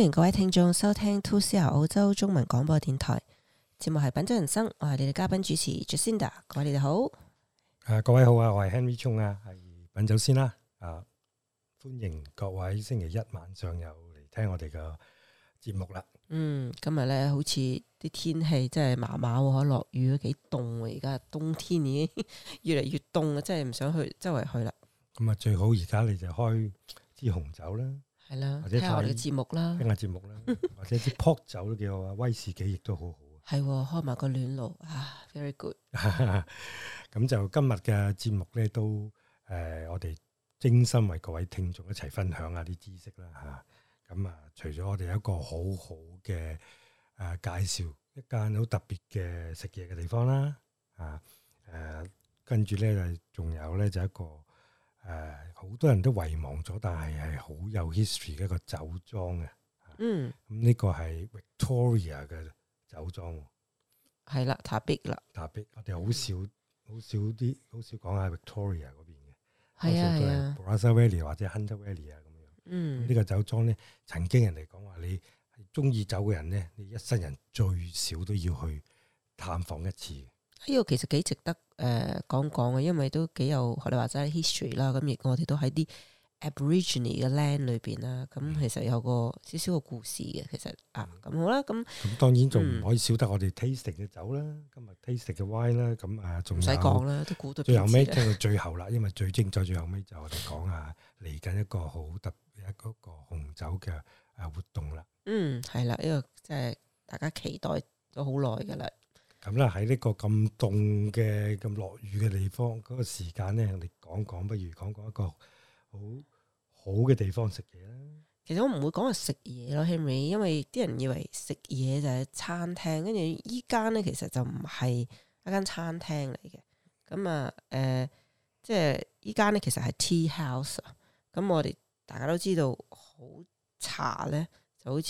歡迎各位聽眾收聽 2CR 澳洲中文廣播電台節目係品酒人生，我係你哋嘉賓主持 Jacinda，各位你哋好。啊，各位好啊，我係 Henry Chung 啊，係品酒先啦，啊。啊，歡迎各位星期一晚上又嚟聽我哋嘅節目啦。嗯，今日咧好似啲天氣真係麻麻喎，落雨都幾凍啊！而家冬天已經越嚟越凍，嗯、啊，越越真係唔想去周圍去啦。咁啊，嗯，最好而家你就開支紅酒啦。係啦，或者聽下我哋嘅節目啦，聽下節目啦，或者啲泡酒都幾好啊，威士忌亦都好好，係開埋個暖爐啊，very good。咁就今日嘅節目咧，都誒，我哋精心為各位聽眾一齊分享下啲知識啦吓。咁啊，除咗我哋有一個好好嘅誒介紹一間好特別嘅食嘢嘅地方啦，啊誒，跟住咧就仲有咧就一個。誒好、呃、多人都遺忘咗，但係係好有 history 嘅一個酒莊嘅。嗯，咁呢、啊這個係 Victoria 嘅酒莊喎。係啦、嗯，塔碧啦，塔碧、嗯，我哋好少、好少啲、好少講下 Victoria 嗰邊嘅。係啊，係 Barossa Valley 或者 Hunter Valley 啊咁樣。嗯，呢個酒莊咧，曾經人哋講話你係中意酒嘅人咧，你一生人最少都要去探訪一次。呢個，其實幾值得。誒，講講啊，因為都幾有學你話齋 history 啦，咁亦我哋都喺啲 Aboriginal 嘅 land 裏邊啦，咁其實有個少少個故事嘅，其實啊，咁、嗯啊、好啦，咁。咁當然仲唔可以少得我哋 tasting 嘅酒啦，嗯、今日 tasting 嘅 wine 啦，咁啊，仲唔使講啦，都估到最後尾。聽到最後啦， 因為最精彩最後尾就我哋講下嚟緊一個好特別一個個紅酒嘅誒活動啦，嗯，係啦，呢、這個即係大家期待咗好耐噶啦。咁啦，喺呢個咁凍嘅、咁落雨嘅地方，嗰、嗰個時間咧，我哋講講，不如講講一個好好嘅地方食嘢啦。其實我唔會講係食嘢咯，Henry，因為啲人以為食嘢就係餐廳，跟住依間咧，其實就唔係一間餐廳嚟嘅。咁啊，誒、呃，即係依間咧，其實係 Tea House。咁我哋大家都知道呢，好茶咧就好似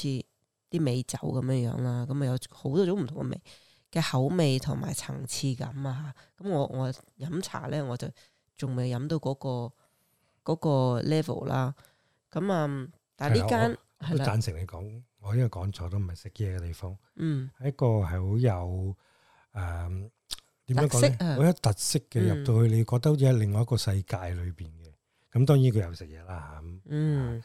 啲美酒咁樣樣啦。咁啊，有好多種唔同嘅味。嘅口味同埋層次感啊，咁我我飲茶咧，我就仲未飲到嗰、嗰個、嗰個 level 啦。咁、嗯、啊，但係呢間都贊成你講，嗯、我應該講錯都唔係食嘢嘅地方。嗯，一個係好有誒，點樣講咧？好色、啊、有特色嘅入到去，你覺得好似喺另外一個世界裏邊嘅。咁、嗯、當然佢有食嘢啦。嗯。嗯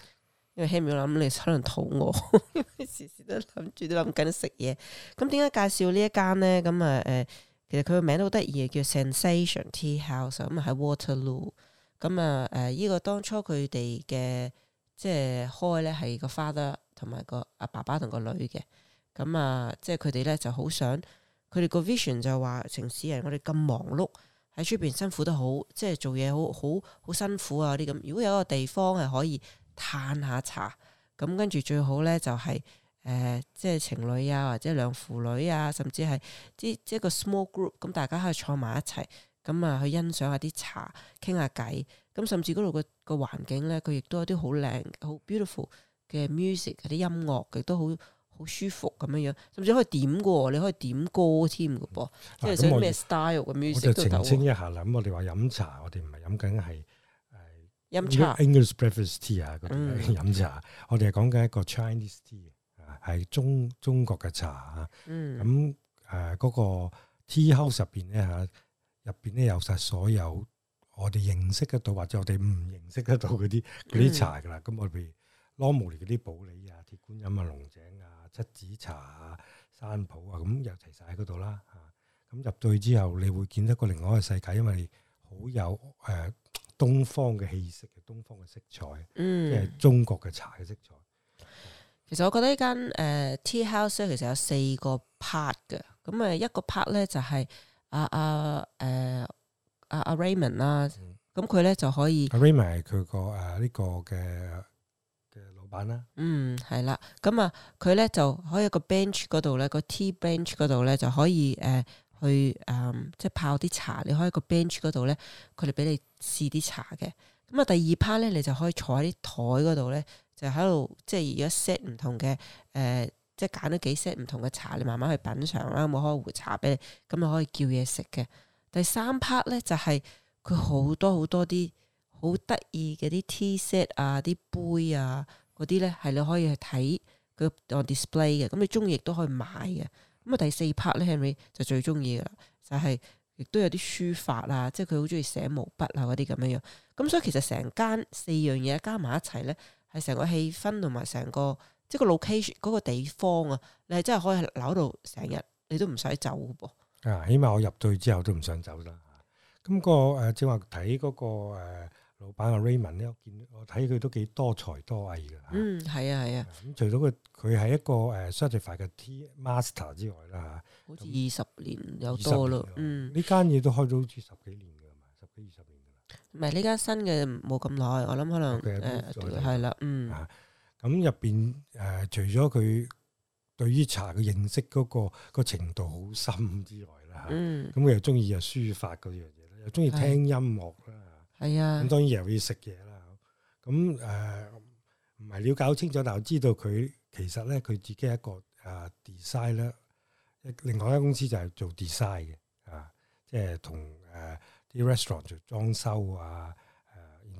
因 為希苗諗你可能肚餓，時時都諗住都諗緊食嘢。咁點解介紹呢一間咧？咁啊誒,其實佢個名都好得意叫 Zensation Tea House，嗯。咁喺 Waterloo。咁啊誒、呢、呃這個當初佢哋嘅即係開咧係個 father 同埋個阿爸爸同個女嘅。咁啊，即係佢哋咧就好想，佢哋個 vision 就話城市人我哋咁忙碌喺出邊辛苦得好，即係做嘢好好好，好辛苦啊啲咁。如果有一個地方係可以。歎下茶，咁跟住最好咧就係、是、誒，即、呃、係情侶啊，或者兩父女啊，甚至係啲即係個 small group，咁大家可以坐埋一齊，咁啊去欣賞下啲茶，傾下偈，咁甚至嗰度個個環境咧，佢亦都有啲好靚、好 beautiful 嘅 music，嗰啲音樂亦都好好舒服咁樣樣，甚至可以點嘅，你可以點歌添㗎噃，嗯、即係想咩 style 嘅 music、嗯、都得喎。我就澄清一下啦，咁我哋話飲茶，我哋唔係飲緊係。飲茶，English breakfast tea 啊，嗰啲飲茶，我哋係講緊一個 Chinese tea，係中中國嘅茶啊。咁誒、嗯，嗰、呃嗰個 tea house 入邊咧吓，入邊咧有晒所有我哋認識得到或者我哋唔認識得到嗰啲啲茶噶啦。咁、嗯、我哋 normally 嗰啲普洱啊、鐵觀音啊、龍井啊、七子茶啊、山普啊，咁又齊晒喺嗰度啦。咁入到去之後，你會見得個另外一個世界，因為好有誒。呃東方嘅氣息嘅，東方嘅色彩，嗯、即係中國嘅茶嘅色彩。嗯、其實我覺得呢間誒 tea house 咧，其實有四個 part 嘅。咁、就是、啊，一個 part 咧就係阿阿誒阿阿 Raymond 啦。咁佢咧就可以 Raymond 係佢個誒呢個嘅嘅老闆啦、啊。嗯，係啦。咁啊，佢咧就可以喺一個 bench 嗰度咧，個 tea bench 嗰度咧就可以誒。Uh, 去誒、嗯，即係泡啲茶。你可以喺個 bench 嗰度咧，佢哋俾你試啲茶嘅。咁啊，第二 part 咧，你就可以坐喺啲台嗰度咧，就喺度即係如果 set 唔同嘅誒，即係揀咗幾 set 唔同嘅茶，你慢慢去品嚐啦。冇、嗯、開壺茶俾你，咁你可以叫嘢食嘅。第三 part 咧就係佢好多好多啲好得意嘅啲 tea set 啊，啲杯啊嗰啲咧係你可以去睇佢 on display 嘅。咁、嗯、你中意亦都可以買嘅。咁啊第四 part 咧，Henry 就最中意啦，就係、是、亦都有啲書法啊，即係佢好中意寫毛筆啊嗰啲咁樣樣。咁所以其實成間四樣嘢加埋一齊咧，係成個氣氛同埋成個即係個 location 嗰、那個地方啊，你係真係可以扭到成日，你都唔使走噃。啊，起碼我入去之後都唔想走啦。咁、那個誒，正話睇嗰個誒。呃老闆阿 Raymond 咧，我見我睇佢都幾多才多藝嘅。嗯，係啊，係啊。咁除咗佢，佢係一個誒 Certified 嘅 Tea Master 之外啦，吓。好似二十年有多咯，嗯。呢間嘢都開咗好似十幾年噶，係咪？十幾二十年噶啦。唔係呢間新嘅冇咁耐，我諗可能誒係啦，嗯。咁入邊誒，除咗佢對於茶嘅認識嗰個個程度好深之外啦，吓。嗯。咁佢又中意又書法嗰樣嘢啦，又中意聽音樂啦。係啊，咁當然又要食嘢啦。咁誒唔係了解清楚，但我知道佢其實咧佢自己一個誒 design 咧，即、呃、係另外間公司就係做 design 嘅，啊，即係同誒啲 restaurant 做裝修啊，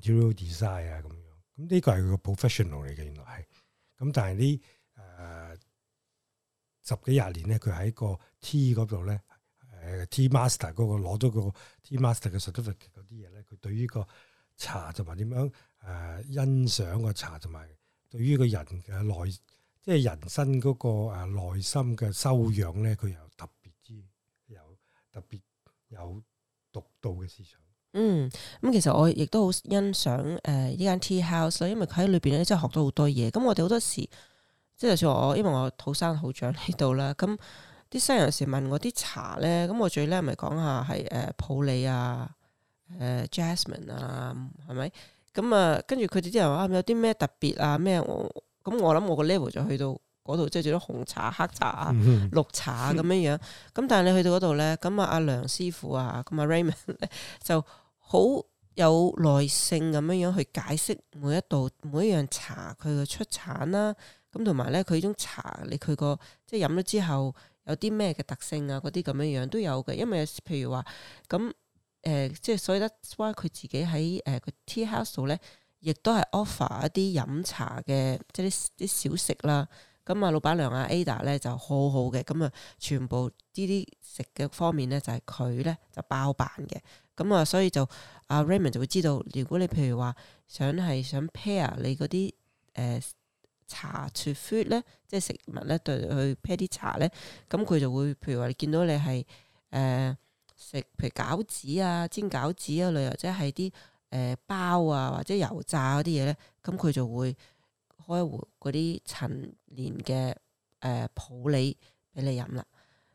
誒 interior design 啊咁樣。咁呢個係佢個 professional 嚟嘅，原來係。咁但係、呃、呢，誒十幾廿年咧，佢、呃、喺、個 T 嗰度咧，誒 T master 嗰個攞咗個 T master 嘅佢對呢個茶同埋點樣誒、呃、欣賞個茶，同埋對於個人嘅內，即係人生嗰個誒內心嘅修養咧，佢又特別之有特別有獨到嘅思想。嗯，咁其實我亦都好欣賞誒呢、呃、間 tea house 啦，因為喺裏邊咧真係學到好多嘢。咁我哋好多時，即係就算我因為我土生土長喺度啦，咁啲新人有時問我啲茶咧，咁我最叻咪講下係誒普洱啊。誒，Jacinda 啊，係咪？咁、嗯、啊，跟住佢哋啲人話，有啲咩特別啊？咩？咁我諗、嗯、我個 level 就去到嗰度，即係做咗紅茶、黑茶、綠茶啊咁樣樣。咁、嗯、哼但係你去到嗰度咧，咁啊阿梁師傅啊，咁啊 Raymond 咧、啊，就好有耐性咁樣樣去解釋每一度、每一樣茶佢嘅出產啦，咁同埋咧佢種茶你佢個即係飲咗之後有啲咩嘅特性啊，嗰啲咁樣樣都有嘅。因為譬如話咁。誒，即係、呃、所以咧，話佢自己喺誒個、呃、tea house 咧，亦都係 offer 一啲飲茶嘅，即係啲啲小食啦。咁、嗯、啊，老闆娘啊 Ada 咧就好好嘅，咁、嗯、啊，全部呢啲食嘅方面咧，就係佢咧就包辦嘅。咁、嗯、啊、呃，所以就阿、啊、Raymond 就會知道，如果你譬如話想係想 pair 你嗰啲誒茶 to food 咧，即係食物咧對去 pair 啲茶咧，咁、嗯、佢就會譬如話你見到你係誒，呃食譬如餃子啊、煎餃子啊，類，或者係啲誒包啊，或者油炸嗰啲嘢咧，咁佢就會開壺嗰啲陳年嘅誒、呃、普洱俾你飲啦。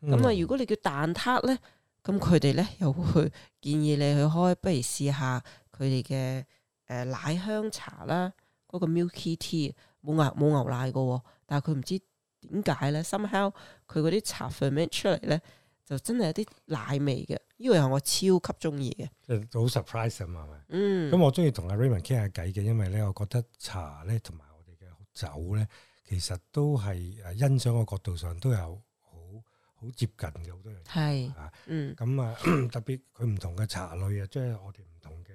咁啊、嗯，如果你叫蛋撻咧，咁佢哋咧又會建議你去開，不如試下佢哋嘅誒奶香茶啦，嗰、那個 milk tea 冇牛冇牛奶嘅、哦，但係佢唔知點解咧，somehow 佢嗰啲茶啡咩出嚟咧？就真係有啲奶味嘅，呢個係我超級中意嘅。就好 surprise 啊嘛，係咪？嗯。咁我中意同阿 Raymond 傾下偈嘅，因為咧，我覺得茶咧同埋我哋嘅酒咧，其實都係誒欣賞嘅角度上都有好好接近嘅，好多人係、嗯、啊，啊，嗯。咁、嗯、啊，特別佢唔同嘅茶類啊，即係我哋唔同嘅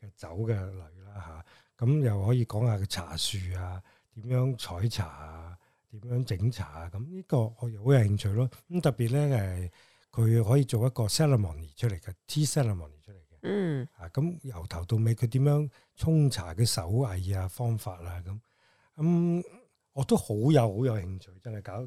嘅酒嘅類啦吓。咁又可以講下個茶樹啊，點樣採茶啊，點樣整茶啊？咁呢個我又好有興趣咯。咁特別咧係。佢可以做一個 ceremony 出嚟嘅 tea ceremony 出嚟嘅，嗯啊咁由頭到尾佢點樣沖茶嘅手藝啊方法啊咁咁、啊嗯、我都好有好有興趣，真係搞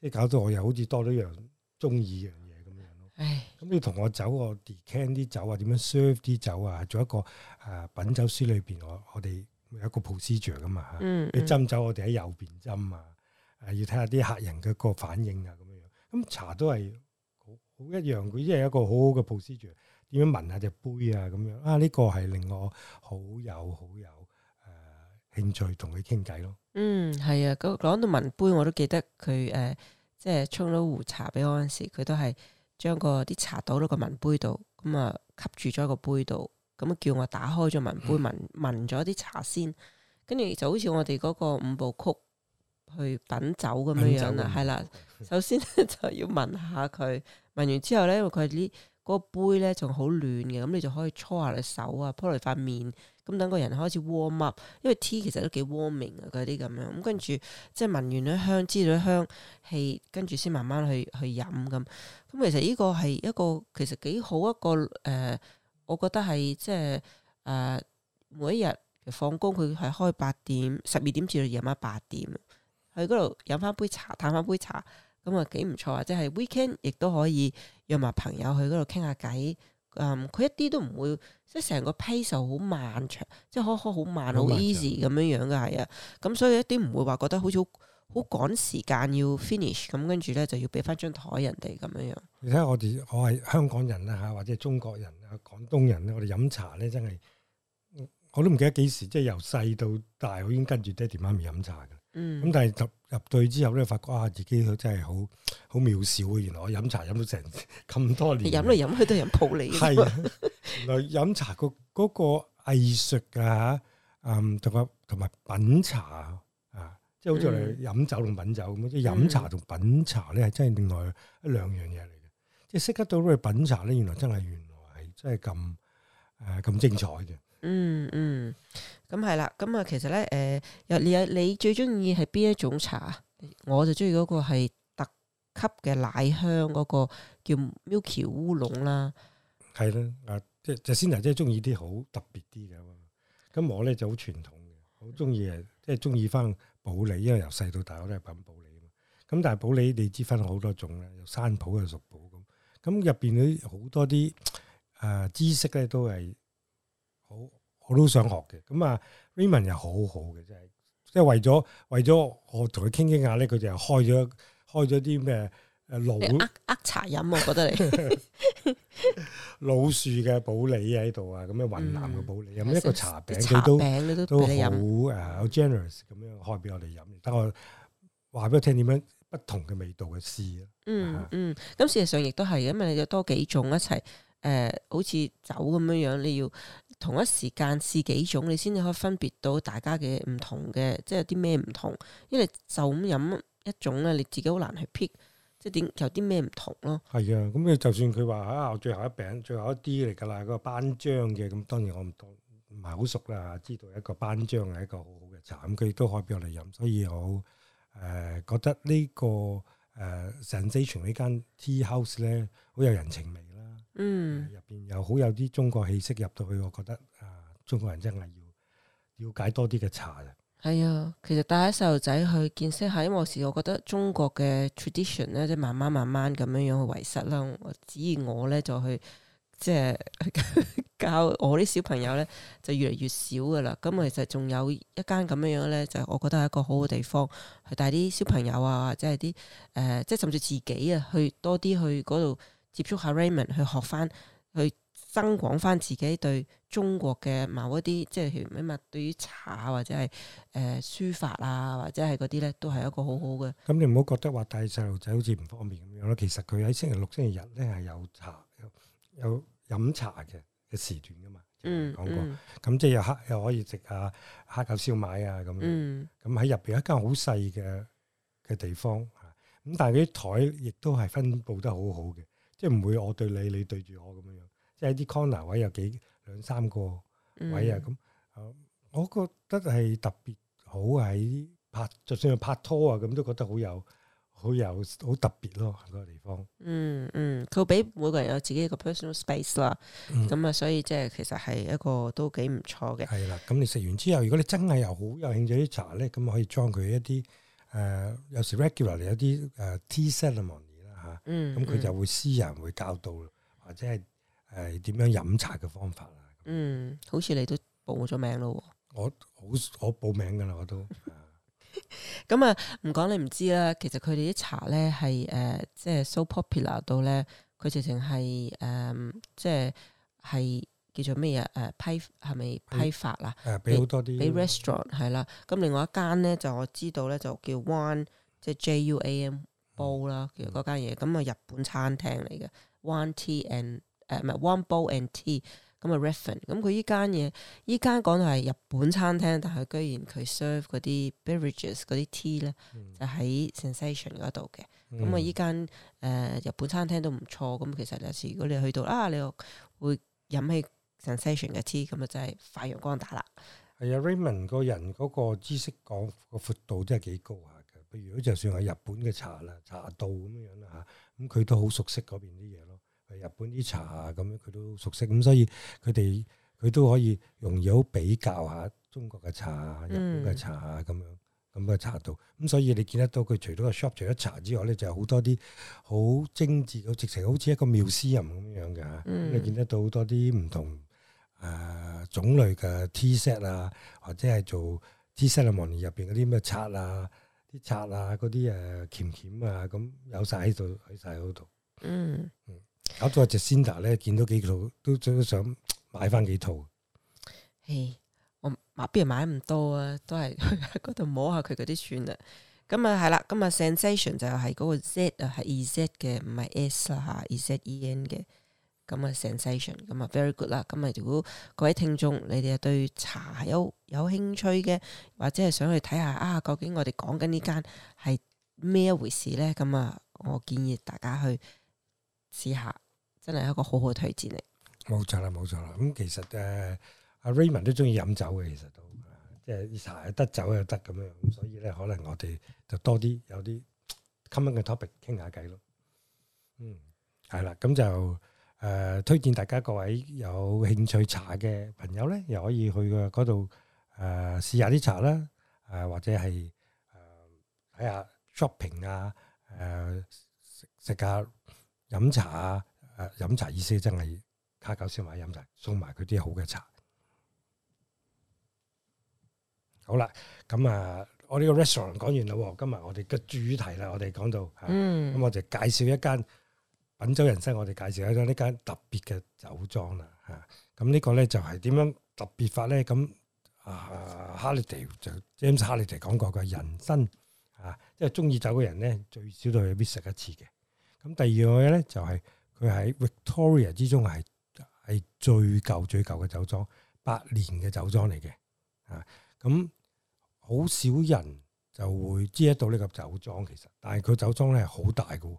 即係搞到我又好似多咗一樣中意嘅嘢咁樣咯。咁你同我走我 decant 啲酒啊，點樣 serve 啲酒啊，做一個啊品酒師裏邊我我哋有一個 procedure 噶嘛嚇，你斟酒我哋喺右邊斟啊，誒、啊、要睇下啲客人嘅個反應啊咁樣樣。咁、啊啊、茶都係。好一樣，佢真係一個好好嘅佈師住。點樣聞下隻杯啊？咁、這、樣、個呃嗯、啊？呢、那個係令、那個、我好有好有誒興趣同佢傾偈咯。嗯，係啊。講講到聞杯，我都記得佢誒、呃，即係沖咗壺茶俾我嗰陣時，佢都係將個啲、那個、茶倒到個聞杯度，咁啊吸住咗個杯度，咁啊叫我打開咗、嗯、聞杯聞聞咗啲茶先，跟住就好似我哋嗰個五步曲去品酒咁樣樣啦，係啦。首先咧就要聞下佢，聞完之後咧，因為佢啲嗰個杯咧仲好暖嘅，咁你就可以搓下隻手啊，鋪落塊面，咁等個人開始 warm up。因為 tea 其實都幾 warming 啊，嗰啲咁樣。咁跟住即係聞完啲香，知道啲香氣，跟住先慢慢去去飲咁。咁其實呢個係一個其實幾好一個誒、呃，我覺得係即係誒每一日放工佢係開八點十二點至到夜晚八點，去嗰度飲翻杯茶，嘆翻杯茶。咁啊幾唔錯啊！即係 weekend 亦都可以約埋朋友去嗰度傾下偈。佢、嗯、一啲都唔會，即係成個 pace 好漫長，即係可可好慢好 easy 咁樣、嗯嗯、樣嘅係啊。咁、嗯、所以一啲唔會話覺得好似好好趕時間要 finish，咁、嗯嗯、跟住咧就要俾翻張台人哋咁樣樣，你睇下我哋，我係香港人啊吓或者中國人啊、廣東人咧，我哋飲茶咧真係，我都唔記得幾時，即係由細到大，我已經跟住爹哋媽咪飲茶嘅。嗯，咁但係入入隊之後咧，發覺啊，自己佢真係好好渺小。原來我飲茶飲到成咁多年，飲嚟飲去都係飲普洱。係、啊， 原來飲茶個嗰個藝術啊，嗯，同啊同埋品茶啊，啊，即係好似我哋飲酒同品酒咁，即係飲茶同品茶咧，係真係另外一兩樣嘢嚟嘅。嗯、即係識得到去品茶咧，原來真係，原來係真係咁誒，咁精彩嘅。嗯 嗯，咁係啦，咁啊，其實咧，誒，入你啊，你最中意係邊一種茶啊？我就中意嗰個係特級嘅奶香嗰個叫 Milky 烏龍啦。係咯，啊，即係即係先啊，即係中意啲好特別啲嘅。咁我咧就好傳統嘅，好中意誒，即係中意翻普洱，因為由細到大我都係品普洱啊。咁但係普洱你知分好多種啦，有山普有熟普咁，咁入邊啲好多啲誒知識咧都係好。我都想學嘅，咁啊 Raymond 又好好嘅，真係即係為咗為咗我同佢傾傾下咧，佢就開咗開咗啲咩誒老，呃呃茶飲，我覺得你 老樹嘅普洱喺度啊，咁樣雲南嘅普洱，咁、嗯嗯、一個茶餅佢都都好誒好 generous 咁樣開俾我哋飲，等我話俾佢聽點樣不同嘅味道嘅試啊，嗯嗯，咁事實上亦都係，因為你有多幾種一齊。誒、呃，好似酒咁樣樣，你要同一時間試幾種，你先至可以分別到大家嘅唔同嘅，即係有啲咩唔同。因為就咁飲一種咧，你自己好難去 pick，即係點有啲咩唔同咯。係啊，咁你就算佢話啊，我最後一餅、最後一啲嚟噶啦，嗰、那個班章嘅咁，當然我唔多唔係好熟啦，知道一個班章係一個好好嘅茶，咁佢亦都可以俾我哋飲，所以我誒、呃，覺得呢、這個誒 Zensation 呢間 tea house 咧好有人情味。嗯，入邊又好有啲中國氣息入到去，我覺得啊、呃，中國人真係要了解多啲嘅茶啊。係啊，其實帶啲細路仔去見識下，因為有時我覺得中國嘅 tradition 咧，即係慢慢慢慢咁樣樣去遺失啦。我指於我咧，就去即係 教我啲小朋友咧，就越嚟越少噶啦。咁其實仲有一間咁樣樣咧，就我覺得係一個好嘅地方，去帶啲小朋友啊，或者係啲誒，即係甚至自己啊，去多啲去嗰度。接觸下 Raymond 去學翻，去增廣翻自己對中國嘅某一啲，即係咩嘛？對於茶或者係誒、呃、書法啊，或者係嗰啲咧，都係一個好好嘅。咁你唔好覺得話帶細路仔好似唔方便咁樣咯。其實佢喺星期六、星期日咧係有茶，有飲茶嘅時段噶嘛。嗯，講過。咁即係又黑，又可以食下蝦餃燒賣啊咁樣。嗯。咁喺入邊一間好細嘅嘅地方嚇，咁但係啲台亦都係分佈得好好嘅。即係唔會我對你，你對住我咁樣樣。即係啲 corner 位有幾兩三個位啊，咁、嗯嗯、我覺得係特別好喺拍，就算係拍拖啊，咁都覺得好有好有好特別咯，這個地方。嗯嗯，佢、嗯、俾每個人有自己一個 personal space 啦。咁啊、嗯，所以即係其實係一個都幾唔錯嘅。係啦，咁你食完之後，如果你真係又好有興趣啲茶咧，咁可以裝佢一啲誒、呃，有時 regularly，有啲誒、呃、tea ceremony。嗯，嗯，咁佢就會私人會教到，或者係誒點樣飲茶嘅方法啊。嗯，好似你都報咗名咯。我好我報名噶啦，我都。咁啊，唔講你唔知啦。其實佢哋啲茶咧係誒，即係 so popular 到咧，佢直情係誒，即係係叫做咩嘢誒，批係咪批發啊？誒，俾好多啲俾 restaurant 係啦。咁另外一間咧就我知道咧就叫 One，即係 JUAM。煲啦，其實嗰間嘢咁啊，日本餐廳嚟嘅 One Tea and 誒唔係 One Bowl and Tea 咁啊，Raymond 咁佢依間嘢依間講到係日本餐廳，但係居然佢 serve 嗰啲 beverages 嗰啲 tea 咧、嗯，就喺 Zensation 嗰度嘅。咁啊，依間誒日本餐廳都唔錯。咁其實有時，如果你去到啊，你會飲起 Zensation 嘅 tea，咁啊真係發揚光大啦。係啊，Raymond 個人嗰個知識廣個闊度真係幾高啊！如果就算係日本嘅茶啦，茶道咁樣啦嚇，咁佢都好熟悉嗰邊啲嘢咯。日本啲茶啊，咁樣佢都熟悉，咁所以佢哋佢都可以容易好比較下中國嘅茶啊、日本嘅茶啊咁樣咁嘅、嗯、茶道。咁所以你見得到，佢除咗個 shop 除咗茶之外咧，就有、是、好多啲好精緻嘅，直情好似一個妙師人咁樣嘅嚇。嗯、你見得到好多啲唔同誒、呃、種類嘅 tea set 啊，或者係做 tea set 嘅門入邊嗰啲咩刷啊～啲刷啊，嗰啲誒鉗鉗啊，咁、啊、有晒喺度，喺晒嗰度。嗯嗯，搞到我只 Jacinda 咧，見到幾套，都都想買翻幾套。嘿，我買如買咁多啊，都係去喺嗰度摸下佢嗰啲算啦。咁啊，係啦，咁、今日、個、Zensation 就係嗰個 z 啊，e z 嘅，唔係 s 啦嚇，e z e n 嘅。咁啊，Zensation，咁啊，very good 啦。咁啊，如果各位聽眾，你哋對茶有有興趣嘅，或者係想去睇下啊，究竟我哋講緊呢間係咩一回事咧？咁、嗯、啊，我建議大家去試下，真係一個好好嘅推薦嚟。冇錯啦，冇錯啦。咁其實誒，阿 Raymond 都中意飲酒嘅，其實、啊、都，即係茶又得，得，酒又得咁樣。咁所以咧，可能我哋就多啲有啲 common 嘅 topic 傾下偈咯。嗯，係啦，咁就。誒、呃，推薦大家各位有興趣茶嘅朋友咧，又可以去個嗰度誒試下啲茶啦，誒、呃、或者係誒睇、呃、下 shopping 啊，誒食食下飲茶啊，誒、呃、飲茶意思是真係卡狗燒賣飲茶，送埋佢啲好嘅茶。好啦，咁啊，我呢個 restaurant 講完啦，今日我哋嘅主題啦，我哋講到，咁、嗯嗯、我就介紹一間。品酒人生，我哋介紹一間呢間特別嘅酒莊啦嚇。咁、啊這個、呢個咧就係、是、點樣特別法咧？咁啊 Halliday 就是、James Halliday 講過嘅人生嚇、啊，即係中意酒嘅人咧最少都係必食一次嘅。咁、啊、第二樣嘢咧就係、是、佢喺 Victoria 之中係係最舊最舊嘅酒莊，百年嘅酒莊嚟嘅嚇。咁、啊、好、啊啊、少人就會知得到呢個酒莊其實，但係佢酒莊咧係好大嘅。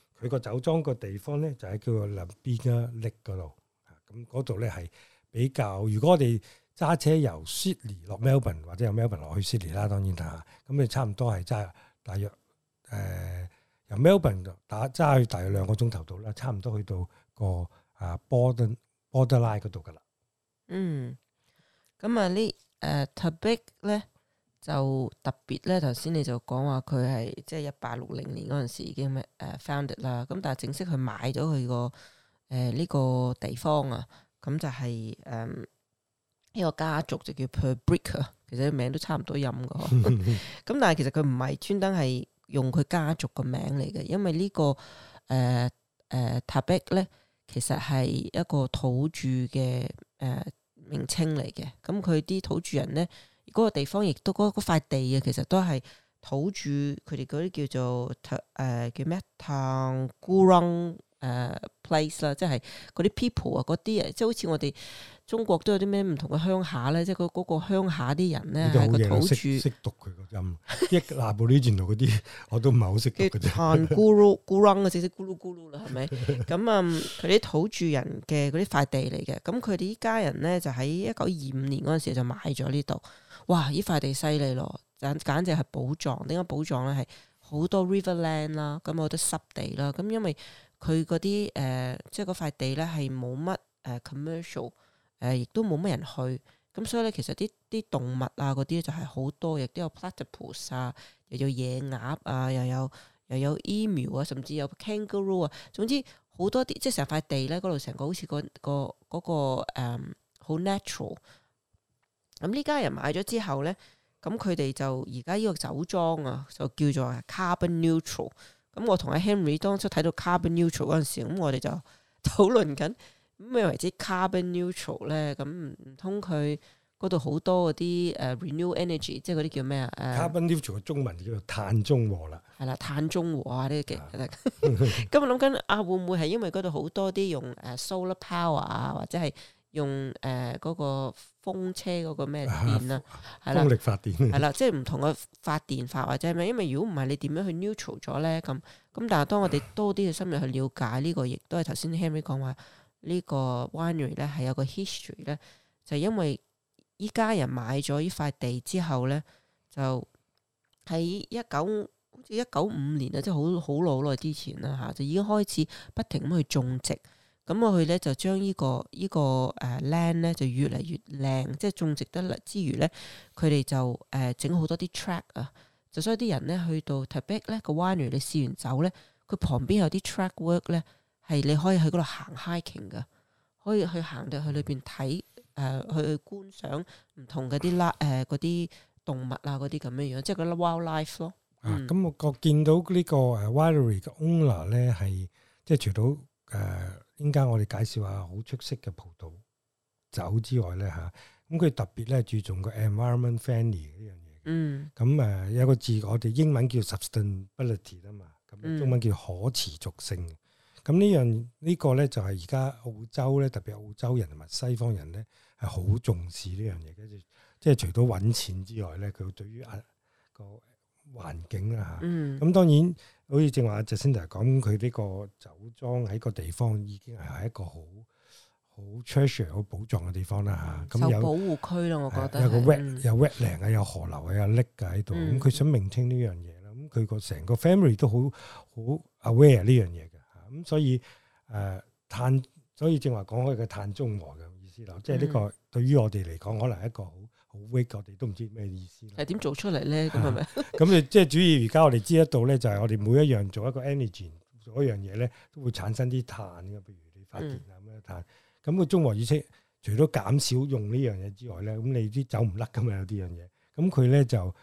佢個酒莊個地方咧，就係叫做臨邊啊，瀝嗰度，啊咁嗰度咧係比較。如果我哋揸車由 Sydney 落 Melbourne，或者由 Melbourne 落去 Sydney 啦，當然啊，咁你差唔多係揸大約誒由 Melbourne 打揸去大約兩個鐘頭度啦，差唔多去到個啊 border border line 嗰度噶啦。嗯，咁啊呢誒 Tahbilk 咧。就特別咧，頭先你就講話佢係即係一八六零年嗰陣時已經咩 founded 啦。咁但係正式佢買咗佢個誒呢個地方啊，咁就係誒呢個家族就叫 Purbrick 啊。其實名都差唔多音㗎。咁但係其實佢唔係專登係用佢家族個名嚟嘅，因為呢個誒誒 Tahbilk 咧，其實係一個土著嘅誒、呃、名稱嚟嘅。咁佢啲土著人咧。嗰個地方亦都嗰塊地啊，其實都係土著佢哋嗰啲叫做誒、呃、叫咩 Tanggulong 誒 place 啦，即係嗰啲 people 啊，嗰啲啊，即係好似我哋。中國都有啲咩唔同嘅鄉下咧，即係嗰嗰個鄉下啲人咧，係個土著識讀佢個音，一拿布呢？原來嗰啲我都唔係好識嘅。漢咕魯咕啷，直接咕魯咕魯啦，係咪？咁啊，佢啲土著人嘅嗰啲塊地嚟嘅。咁佢哋依家人咧就喺一九二五年嗰陣時就買咗呢度。哇！呢塊地犀利咯，簡簡直係寶藏。點解寶藏咧？係好多 riverland 啦，咁好多濕地啦。咁因為佢嗰啲誒，即係嗰塊地咧係冇乜誒 commercial。誒，亦都冇乜人去，咁所以咧，其實啲啲動物啊，嗰啲就係好多，亦都有 platypus 啊，又有野鴨啊，又有又有 emu 啊，甚至有 kangaroo 啊，總之好多啲，即係成塊地咧，嗰度成個好似、嗰個、嗰個嗰、嗰個好、誒、natural。咁呢家人買咗之後咧，咁佢哋就而家呢個酒莊啊，就叫做 carbon neutral。咁我同阿 Henry 當初睇到 carbon neutral 嗰陣時，咁我哋就，就討論緊。咁咩為之 carbon neutral 咧？咁唔通佢嗰度好多嗰啲誒 renew energy，即係嗰啲叫咩啊？carbon neutral 嘅中文叫做碳中和啦。係啦，碳中和啊呢啲嘅。咁 我諗緊啊，會唔會係因為嗰度好多啲用誒 solar power、呃那個、啊，或者係用誒嗰個風車嗰個咩電啊？係啦，風力發電係啦，即係唔同嘅發電法或者係咩？因為如果唔係，你點樣去 neutral 咗咧？咁咁，但係當我哋多啲去深入去了解呢、呢個，亦都係頭先 Henry 講話。呢個 winery 咧係有個 history 咧，就因為依家人買咗依塊地之後咧，就喺一九好似一九五年啦，即係好好老耐之前啦吓，就已經開始不停咁去種植。咁佢咧就將呢個呢個誒 land 咧就越嚟越靚，即係種植得嚟之餘咧，佢哋就誒整好多啲 track 啊，就所以啲人咧去到 Tahbilk 咧個 winery，你試完酒咧，佢旁邊有啲 track work 咧。係你可以去嗰度行 hiking 噶可以去行到去裏邊睇，誒，去觀賞唔同嗰啲啦，誒，嗰啲動物啊，嗰啲咁樣樣，即係嗰啲 wildlife 咯。啊，咁我我見到呢個誒 winery 嘅 owner 咧，係即係除咗誒，應該我哋介紹下好出色嘅葡萄酒之外咧，吓咁佢特別咧注重個 environment friendly 呢樣嘢。嗯。咁誒，有個字我哋英文叫 sustainability 啊嘛，咁中文叫可持續性。咁呢樣呢個咧，就係而家澳洲咧，特別澳洲人同埋西方人咧，係好重視呢樣嘢。跟住即係除咗揾錢之外咧，佢對於啊個環境啊，嚇。咁、嗯、當然，好似正話阿 Jason 同佢講，佢呢個酒莊喺個地方已經係一個好好 treasure 好寶藏嘅地方啦嚇。咁有、嗯嗯、保護區啦，我覺得、啊、有個 wet 有 wetland 啊、嗯，有河流啊，有 lake 喺度。咁佢、嗯嗯、想明聽呢樣嘢啦。咁佢個成個 family 都好好 aware 呢樣嘢。咁、嗯、所以，誒、呃、碳，所以正話講開嘅碳中和嘅意思啦，即係呢個對於我哋嚟講，可能係一個好好 wake，我哋都唔知咩意思。係點、嗯嗯、做出嚟咧？咁係咪？咁誒，即係、嗯、主要而家我哋知得到咧，就係、是、我哋每一樣做一個 energy，做一樣嘢咧，都會產生啲碳嘅。譬如你發電啊咁樣碳。咁個中和意思，除咗減少用呢樣嘢之外咧，咁你啲走唔甩噶嘛？有啲樣嘢。咁佢咧就，誒、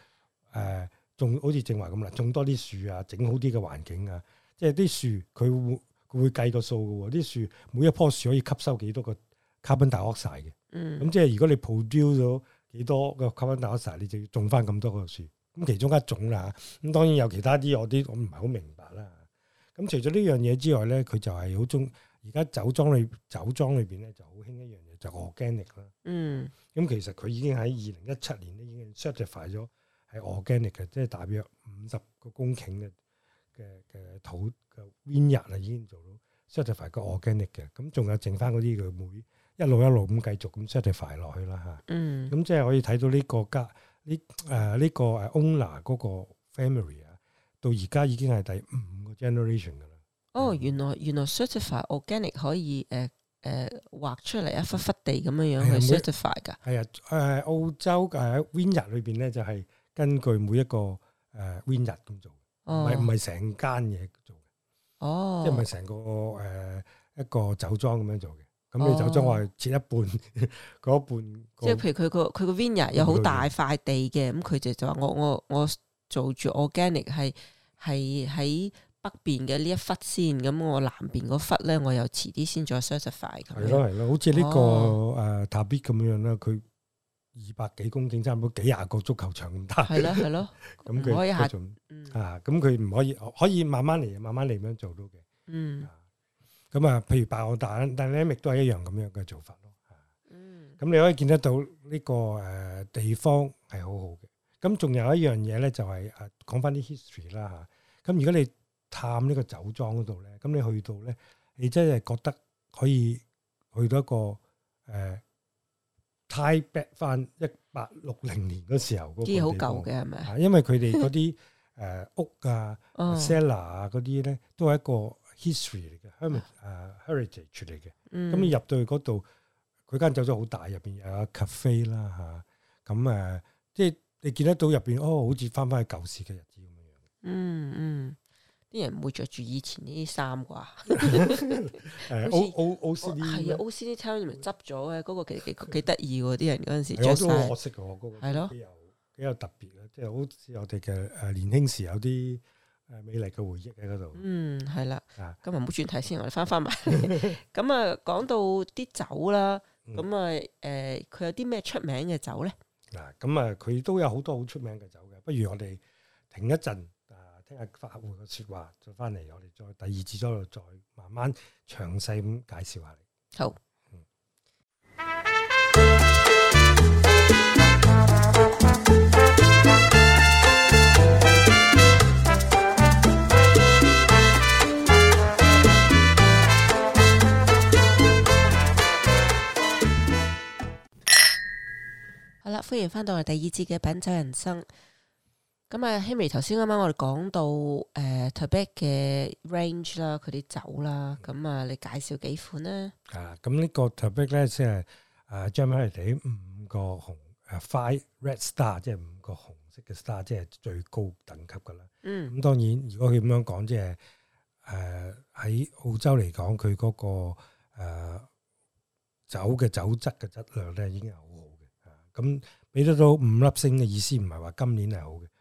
呃、種，好似正話咁啦，種多啲樹啊，整好啲嘅環境啊。即係啲樹，佢會佢會計個數嘅喎。啲樹每一樖樹可以吸收幾多個 carbon dioxide 嘅。嗯。咁即係如果你 produce 咗幾多個 carbon dioxide，你就要種翻咁多個樹。咁其中一種啦。咁當然有其他啲我啲我唔係好明白啦。咁除咗呢樣嘢之外咧，佢就係好中而家酒莊裏酒莊裏邊咧就好興一樣嘢就 organic 啦。嗯。咁其實佢已經喺二零一七年已經 certify 咗係 organic 嘅，即係大約五十個公頃嘅。嘅嘅土嘅 win 日啊已經做到、mm hmm. certify 嘅 organic 嘅，咁仲有剩翻嗰啲佢每一路一路咁繼續咁 certify 落去啦嚇。Hmm. 嗯，咁即係可以睇到呢個家呢誒呢個誒 owner 嗰個 family 啊，到而家已經係第五個 generation 噶啦。哦、oh, 嗯，原來原來 certify organic 可以誒誒、呃呃、畫出嚟一忽忽地咁樣樣去 certify 噶。係啊，誒澳洲嘅 win 日裏邊咧就係、是、根據每一個誒 win 日咁做。唔係唔係成間嘢做嘅，哦、即係唔係成個誒、呃、一個酒莊咁樣做嘅。咁你酒莊我係切一半，嗰 一半。一半一半即係譬如佢、那個佢個 vineyard 有好大塊地嘅，咁、嗯、佢就就話我我我做住 organic 係係喺北邊嘅呢一忽先，咁、嗯、我南邊嗰忽咧，我又遲啲先再 certify 咁。係咯係咯，好似呢個誒 Tahbilk 咁樣啦，佢。二百幾公頃，差唔多幾廿個足球場咁大。係咯係咯，咁佢 它可以下啊，咁佢唔可以，可以慢慢嚟，慢慢嚟咁樣做到嘅。嗯，咁啊，譬如爆彈，但係咧亦都係一樣咁樣嘅做法咯。咁、啊嗯、你可以見得到呢、這個誒、呃、地方係好好嘅。咁仲有一樣嘢咧，就係誒講翻啲 history 啦吓。咁、啊啊、如果你探呢個酒莊嗰度咧，咁你去到咧，你真係覺得可以去到一個誒、呃太 back 翻一八六零年嗰時候嗰、嗰個地方，舊啊、因為佢哋嗰啲誒屋啊、cellar 啊嗰啲咧，啊、都係一個 history 嚟嘅，係咪誒 heritage 嚟嘅？咁你入到去嗰度，佢間酒莊好大，入邊又有 cafe 啦嚇，咁誒，即係你見得到入邊，哦，好似翻翻去舊時嘅日子咁樣樣。嗯嗯。啲人唔會着住以前呢啲衫啩，係啊，O C D Time 咪執咗啊！嗰個其實幾幾得意喎，啲人嗰陣時着衫，我都可惜喎，嗰個係咯，幾 有特別啦，即係好似我哋嘅誒年輕時有啲誒美麗嘅回憶喺嗰度。嗯，係啦，咁啊，唔好轉題先，我哋翻翻埋。咁啊，講到啲酒啦，咁啊，誒，佢有啲咩出名嘅酒咧？嗱，咁啊，佢都有好多好出名嘅酒嘅，不如我哋停一陣。聽日客戶嘅説話，再翻嚟，我哋再第二節嗰度再慢慢詳細咁介紹下你。好。嗯、好啦，歡迎翻到嚟第二節嘅品酒人生。咁啊，Henry，頭先啱啱我哋講到誒 Tahbilk 嘅 range 啦，佢啲酒啦，咁啊，你介紹幾款咧？啊，咁呢個 Tahbilk 咧先係啊，James Halliday 五個紅誒 five red star，即係五個紅色嘅 star，即係最高等級㗎喇。嗯，咁當然，如果佢咁樣講，即係誒喺澳洲嚟講，佢嗰個誒酒嘅酒質嘅質量咧，已經係好好嘅。嚇，咁俾得到五粒星嘅意思，唔係話今年係好嘅。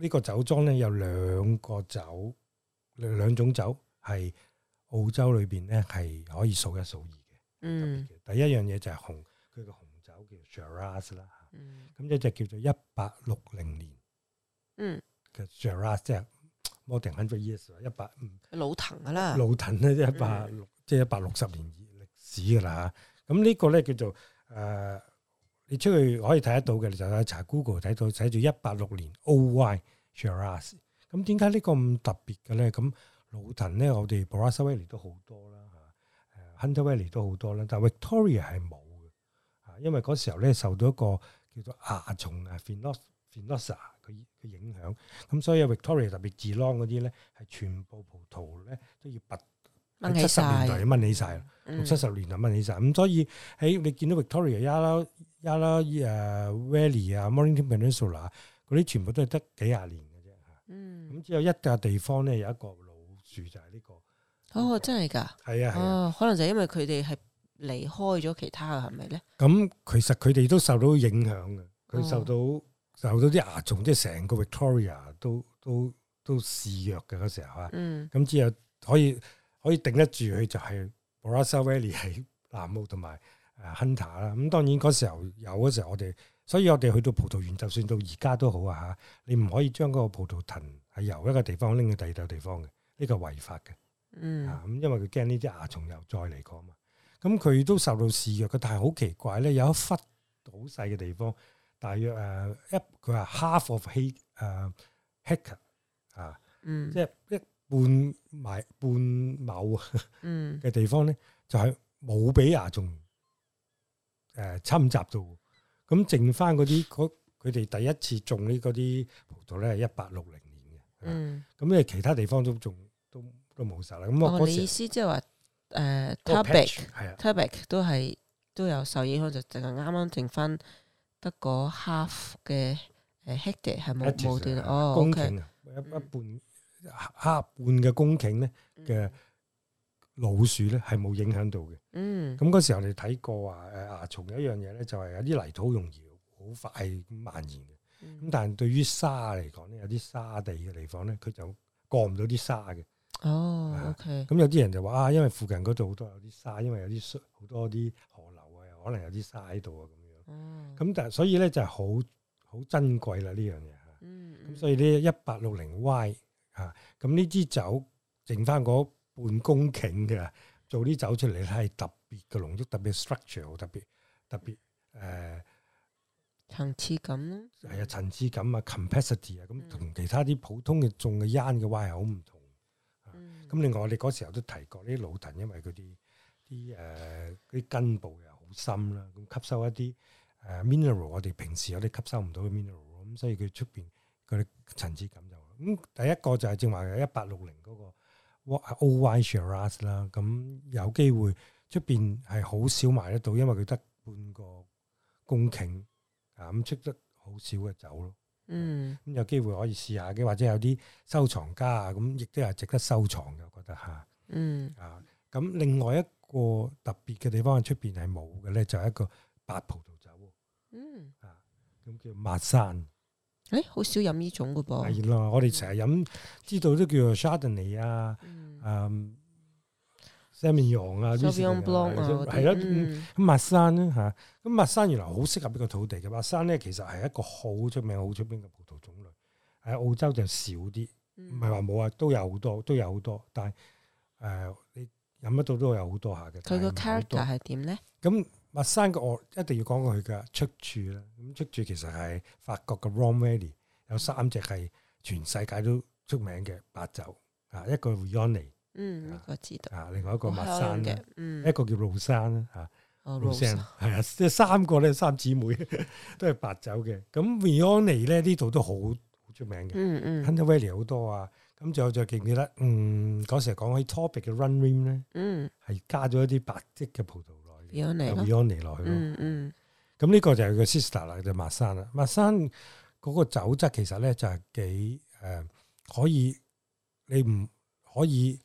呢個酒莊咧有兩個酒兩兩種酒係澳洲裏邊咧係可以數一數二嘅。嗯，第一樣嘢就係紅，佢個紅酒叫 Shiraz 啦嚇。咁呢隻叫做一八六零年，嗯嘅 Shiraz 即係 more than hundred years，一百嗯老藤噶啦，老藤咧一百六即係一百六十年歷史噶啦。咁呢個咧叫做誒。呃你出去可以睇得到嘅，你就去查 Google 睇到寫住一八六年 Old Vine Shiraz，咁點解呢個咁特別嘅咧？咁老藤咧，我哋 Barossa Valley 都好多啦、啊、Hunter Valley 都好多啦，但 Victoria 係冇嘅、啊，因為嗰時候咧受到一個叫做蚜蟲啊 Phylloxera Phylloxera 嘅佢影響，咁所以、啊、Victoria 特別 Geelong 嗰啲咧係全部葡萄咧都要拔。七十年代就掹起晒，啦、嗯，六七十年就掹起晒。咁、嗯、所以喺你見到 Victoria、Yala、Yala、誒 Valley 啊、Mornington Peninsula 嗰啲全部都係得幾廿年嘅啫。嗯，咁只有一笪地方咧有一個老樹就係呢、這個。哦，個哦，真係㗎。係啊，係啊、哦。可能就因為佢哋係離開咗其他，嘅，係咪咧？咁其實佢哋都受到影響嘅，佢受到、哦、受到啲蚜蟲，即係成個 Victoria 都都都，都，都，都示弱嘅嗰時候啊。嗯。咁之後可以。可以頂得住佢就係 Barossa Valley 係南澳同埋 Hunter 啦。咁當然嗰時候有嗰時候我哋，所以我哋去到葡萄園，就算到而家都好啊嚇。你唔可以將嗰個葡萄藤係由一個地方拎去第二度地方嘅，呢個係違法嘅。嗯。啊，咁因為佢驚呢啲蚜蟲又再嚟過嘛。咁佢都受到肆虐嘅，但係好奇怪咧，有一忽好細嘅地方，大約誒一，佢、uh, 話 half of hectare 啊，嗯，即係一。半埋半冇嘅地方咧，就係冇俾蚜蟲誒侵襲到，咁剩翻嗰啲嗰佢哋第一次種呢嗰啲葡萄咧，係一八六零年嘅。嗯，咁咧其他地方都種都都冇晒啦。咁我你意思即係話誒，Tahbilk 係啊，Tahbilk 都係都有受影響，就淨係啱啱剩翻得個 half 嘅誒，hectare 係冇冇斷哦，ok 一一半。黑半嘅公頃咧嘅老鼠咧係冇影響到嘅。嗯，咁嗰時候你睇過話誒，蚜、啊、蟲有一樣嘢咧，就係有啲泥土容易好快蔓延嘅。咁、嗯、但係對於沙嚟講咧，有啲沙地嘅地方咧，佢就過唔到啲沙嘅。哦咁、okay 啊、有啲人就話啊，因為附近嗰度好多有啲沙，因為有啲好多啲河流啊，可能有啲沙喺度啊，咁樣。咁但係所以咧就係好好珍貴啦呢樣嘢。嗯。咁、嗯、所以呢一八六零 Y。啊！咁呢支酒剩翻嗰半公頃嘅，做啲酒出嚟係特別嘅濃郁，特別 structure，特別特別誒層次感咯。係啊，層次感啊，complexity 啊，咁同其他啲普通嘅種嘅 young 嘅 wine 好唔同。咁另外我哋嗰時候都提過呢啲老藤，因為佢啲啲誒嗰啲根部又好深啦，咁吸收一啲誒 mineral，我哋平時有啲吸收唔到嘅 mineral，咁所以佢出面嗰啲層次感就。咁第一個就係正話嘅一八六零嗰個 Old Vine Shiraz 啦，咁有機會出邊係好少買得到，因為佢得半個公頃啊，咁出得好少嘅酒咯。嗯，咁有機會可以試下嘅，或者有啲收藏家啊，咁亦都係值得收藏嘅，我覺得嚇。嗯啊，咁、嗯啊、另外一個特別嘅地方出邊係冇嘅咧，就係、是、一個白葡萄酒。嗯啊，咁叫 Marsanne。誒，好、欸、少飲呢種嘅噃。係啦，嗯、我哋成日飲，知道都叫做 Chardonnay、嗯、啊，嗯，Sauvignon 啊，Sauvignon Blanc 啊，係咯，咁 Marsanne 咧吓，咁、啊、Marsanne 原來好適合呢個土地嘅。Marsanne 咧其實係一個好出名、好出名嘅葡萄種類。喺澳洲就少啲，唔係話冇啊，都有好多，都有好多，但係誒、呃，你飲得到都有好多下嘅。佢個 character 係點咧？Marsanne 嘅我一定要講佢嘅出處啦。咁出處其實係法國嘅 Rhone Valley，有三隻係全世界都出名嘅白酒。吓一個 Viognier，嗯，我知道。啊，另外一個 Marsanne 嘅，嗯、一個叫 Roussanne 啦，吓 Roussanne 係啊，oh, Rose. Roussanne，即係三個咧，三姊妹都係白酒嘅。咁 Viognier 咧呢度都好出名嘅、嗯，嗯嗯 Hunter Valley 好多啊。咁仲有就記唔記得？嗯，嗰時講起 Tahbilk 嘅 Run Rame 咧，嗯，係加咗一啲白色嘅葡萄。李安妮咯，嗯咁呢、嗯這個就係佢 sister 啦，就默笙啦。默笙嗰個酒質其實咧就係幾誒，可以你唔可以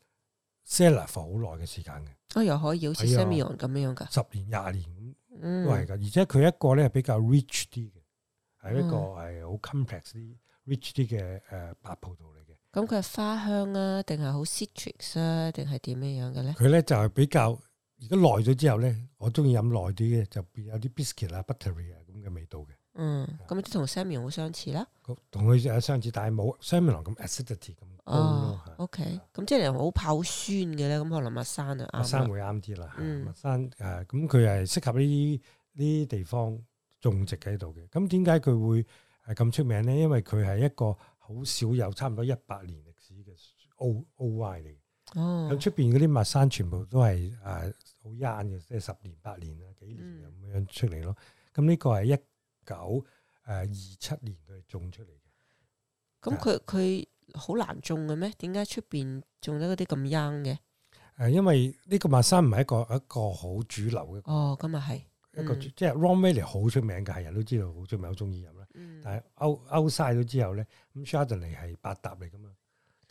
cellar 好耐嘅時間嘅。哦，又可以好似 Semillon 咁樣樣噶，十年廿年咁都係噶。嗯、而且佢一個咧比較 rich 啲嘅，係、嗯、一個係好 complex 啲 rich 啲嘅誒白葡萄嚟嘅。咁佢係花香啊，定係好 citrus 啊，定係點樣樣嘅咧？佢咧就係比較。如果耐咗之後咧，我中意飲耐啲嘅，就變有啲 biscuit 啦、buttery 啊咁嘅味道嘅。嗯，咁都同 Semillon 好相似啦。同佢有相似，但係冇 Semillon 咁 acidity 咁高。O K，咁即係好怕酸嘅咧。咁可能 Marsanne 啊，Marsanne 會啱啲啦。嗯，Marsanne 誒，咁佢係適合呢啲呢啲地方種植喺度嘅。咁點解佢會係咁出名咧？因為佢係一個好少有，差唔多一百年歷史嘅 O O Y 嚟、哦嗯。哦，咁出邊嗰啲 Marsanne 全部都係誒。好 young 嘅，即係十年八年啊幾年咁樣出嚟咯。咁呢個係一九誒二七年佢種出嚟嘅。咁佢佢好難種嘅咩？點解出邊種咗嗰啲咁 young 嘅？誒，因為呢個 Marsanne 唔係一個一個好主流嘅。哦，咁啊係一個即係 Rhone Valley 好出名嘅，係人都知道好出名，好中意飲啦。嗯、但係 o u 晒咗之後咧，咁 Chardonnay 係百搭嚟噶嘛。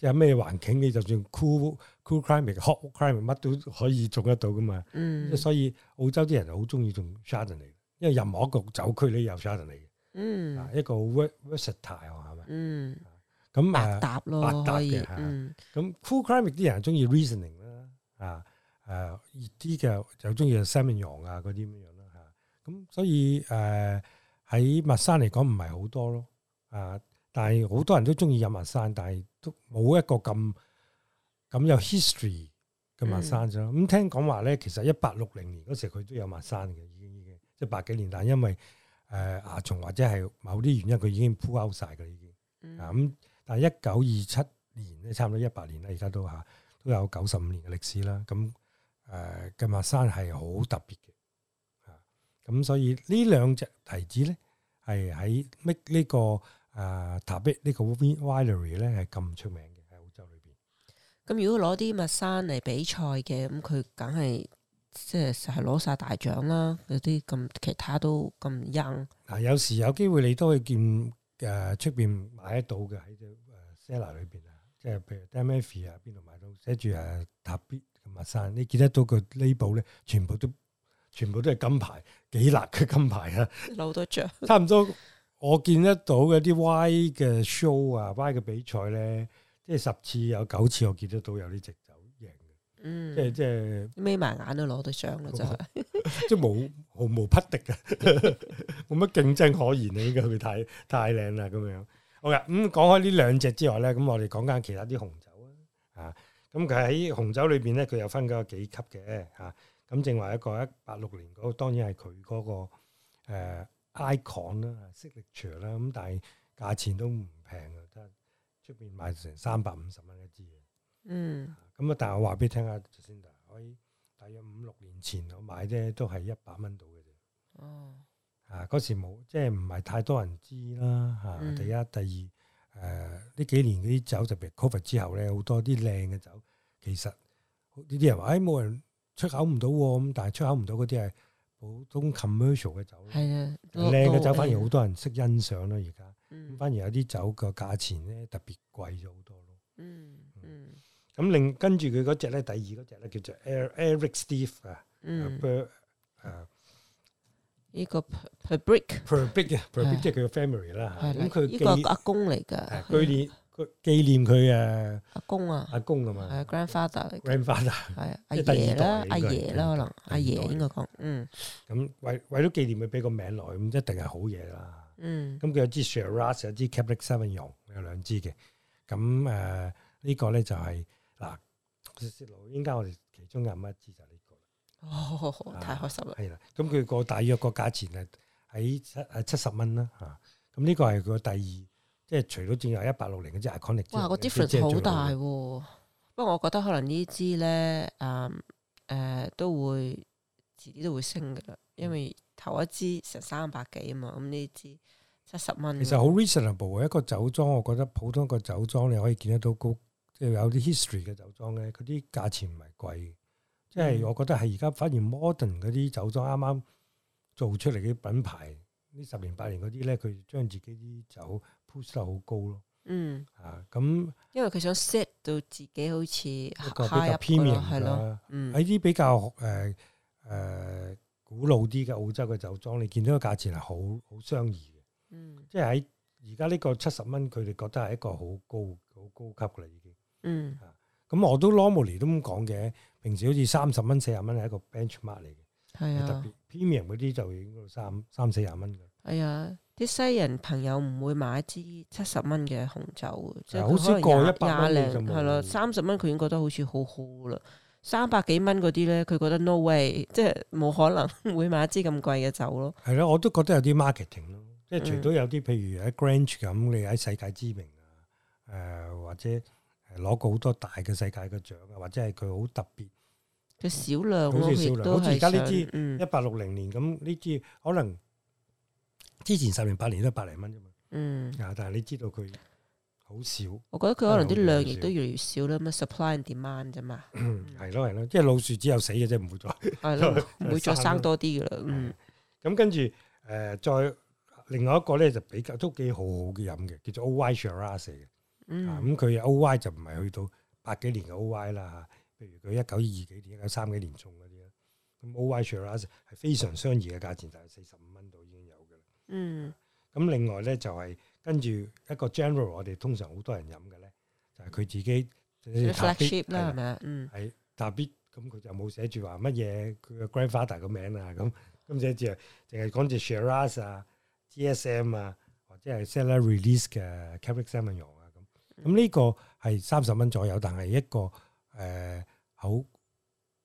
有咩環境你就算 cool cool climate hot climate 乜都可以做得到噶嘛，嗯、所以澳洲啲人好中意做 Chardonnay 嚟，因為任何一個酒區咧又 Chardonnay 嚟嘅，啊一個 versatile 係咪？嗯，咁啊百搭咯，百搭嘅嚇。咁 cool climate 啲人中意 Riesling 啦，啊誒熱啲嘅就中意 Semillon 啊嗰啲咁樣啦嚇。咁所以誒喺墨山嚟講唔係好多咯啊。啊但係好多人都中意飲 Marsanne，但係都冇一個咁咁有 history 嘅 Marsanne 咗。咁、嗯嗯、聽講話咧，其實一八六零年嗰時佢都有 Marsanne 嘅，已經已經即係百幾年。但係因為誒蚜蟲或者係某啲原因，佢已經鋪 o 晒嘅啦，已經。啊、嗯、咁，嗯嗯、但係一九二七年咧，差唔多一百年啦，而家都吓、啊、都有九十五年嘅歷史啦。咁誒嘅 Marsanne 係好特別嘅，吓、啊、咁、嗯、所以呢兩隻提子咧係喺呢呢、這個。啊！塔比呢個 winery 咧係咁出名嘅喺澳洲裏邊。咁如果攞啲 Marsanne 嚟比賽嘅，咁佢梗係即係係攞晒大獎啦。嗰啲咁其他都咁硬。嗱，有時有機會你都可以見誒出邊買得到嘅喺個 cellar 裏邊啊，即係譬如 Dan Murphy 啊，邊度買到寫住誒塔比嘅 Marsanne，你見得到個 label 咧，全部都全部都係金牌，幾粒嘅金牌啊，攞到獎，差唔多。我見得到嗰啲 Y 嘅 show 啊，Y 嘅比賽咧，即係十次有九次我見得到有呢隻酒贏嘅，嗯，即係是、嗯、即係眯埋眼都攞到獎啦，真係， 即係冇毫無匹敵嘅，冇乜競爭可言 okay、嗯、啊。依家去太太靚啦，咁樣，好嘅，咁講開呢兩隻之外咧，咁我哋講緊其他啲紅酒幾幾啊、那個、啊，啊，咁佢喺紅酒裏邊咧，佢有分咗個幾級嘅，吓，咁正話一個一八六年嗰個，當然係佢嗰個誒。Icon 啦，色力卓啦，咁但係價錢都唔平啊！出邊買成三百五十蚊一支嘅，嗯，咁啊，但係我話俾你聽啊 j u s t 可以大約，大概五六年前我買咧都係一百蚊到嘅啫。哦，嚇嗰、啊、時冇，即係唔係太多人知啦。嚇、嗯啊，第一，第二，誒、呃、呢幾年啲酒特別 COVID 之後咧，好多啲靚嘅酒，其實呢啲人話誒冇人出口唔到喎，咁但係出口唔到嗰啲係。普通 commercial 嘅酒，係啊，靚嘅酒反而好多人識欣賞咯，而家咁反而有啲酒個價錢咧特別貴咗好多咯。嗯嗯，咁另跟住佢嗰隻咧，第二嗰隻咧叫做 Eric Steve 啊，嗯，bird 啊，呢個 Purbrick，Purbrick，Purbrick 即係佢嘅 family 啦嚇，咁佢呢個阿公嚟㗎，據年。佢紀念佢誒阿公啊，阿公啊嘛，係 grandfather，grandfather 係阿爺啦，阿爺啦，可能阿爺應該講，嗯，咁為為咗紀念佢，俾個名落去，咁一定係好嘢啦，嗯，咁佢有支 Shiraz，有支 Cabernet Sauvignon，有兩支嘅，咁誒呢個咧就係嗱，應該我哋其中有乜一支就呢個，哦，太開心啦，係啦，咁佢個大約個價錢咧喺七七十蚊啦吓，咁呢個係佢個第二。即係除咗只有一八六零嗰支 iconic，哇！個 difference 好大喎，啊，不過我覺得可能呢支咧，誒、嗯、誒、呃、都會自己都會升㗎喇，嗯、因為頭一支成三百幾啊嘛，咁呢支七十蚊。其實好 reasonable 一個酒莊，我覺得普通一個酒莊你可以見得到高，即係有啲 history 嘅酒莊咧，嗰啲價錢唔係貴，即係、嗯、我覺得係而家反而 modern 嗰啲酒莊啱啱做出嚟嘅品牌，呢十年八年嗰啲咧，佢將自己啲酒。p 出手好高咯，嗯啊，咁，因為佢想 set 到自己好似一個比較 premium 嘅，嗯，喺啲、嗯、比較誒誒、呃呃、古老啲嘅澳洲嘅酒莊，你見到個價錢係好好相宜嘅，嗯，即係喺而家呢個七十蚊，佢哋覺得係一個好高好高級嘅啦，已經、嗯，嗯啊，咁我都 Normally 都咁講嘅，平時好似三十蚊四十蚊係一個 benchmark 嚟嘅，係啊，特別 premium 嗰啲就已經三三四廿蚊嘅，係啊。啲西人朋友唔會買一支七十蚊嘅紅酒，即係好似過一百零，係咯的，三十蚊佢已經覺得好似好好啦。三百幾蚊嗰啲咧，佢覺得 no way，即係冇可能會買一支咁貴嘅酒咯。係咯，我都覺得有啲 marketing 咯，即係除咗有啲譬如喺 Grange 咁，你喺世界知名啊，誒或者攞過好多大嘅世界嘅獎啊，或者係佢好特別佢少量，好似少量，好似而家呢支一八六零年咁呢支，可能。之前十年八年都百零蚊啫嘛，嗯，啊，但係你知道佢好少，我覺得佢可能啲量亦都越嚟越少啦，咁 supply and demand 啫嘛，嗯，係咯係咯，嗯、即係老樹只有死嘅啫，唔會再係咯，唔、嗯、 會再生多啲噶啦，嗯，咁、嗯、跟住誒、呃，再另外一個咧就比較都幾好好嘅飲嘅，叫做 Oy Shiraz 嘅，嗯，咁佢 Oy 就唔係去到百幾年嘅 Oy 啦吓，譬如佢一九二幾年、一九三幾年種嗰啲啦，咁 Oy Shiraz 係非常相宜嘅價錢，就係四十。嗯，咁另外咧就係跟住一個 general，我哋通常好多人飲嘅咧，就係佢自己 reflection 啦，係咪啊？嗯，係特別咁，佢就冇寫住話乜嘢佢嘅 grandfather 嘅名啊，咁咁寫住淨係講住 Shiraz 啊，GSM 啊，或者係 cellar release 嘅 Cabernet Sauvignon 啊咁。咁呢個係三十蚊左右，但係一個誒好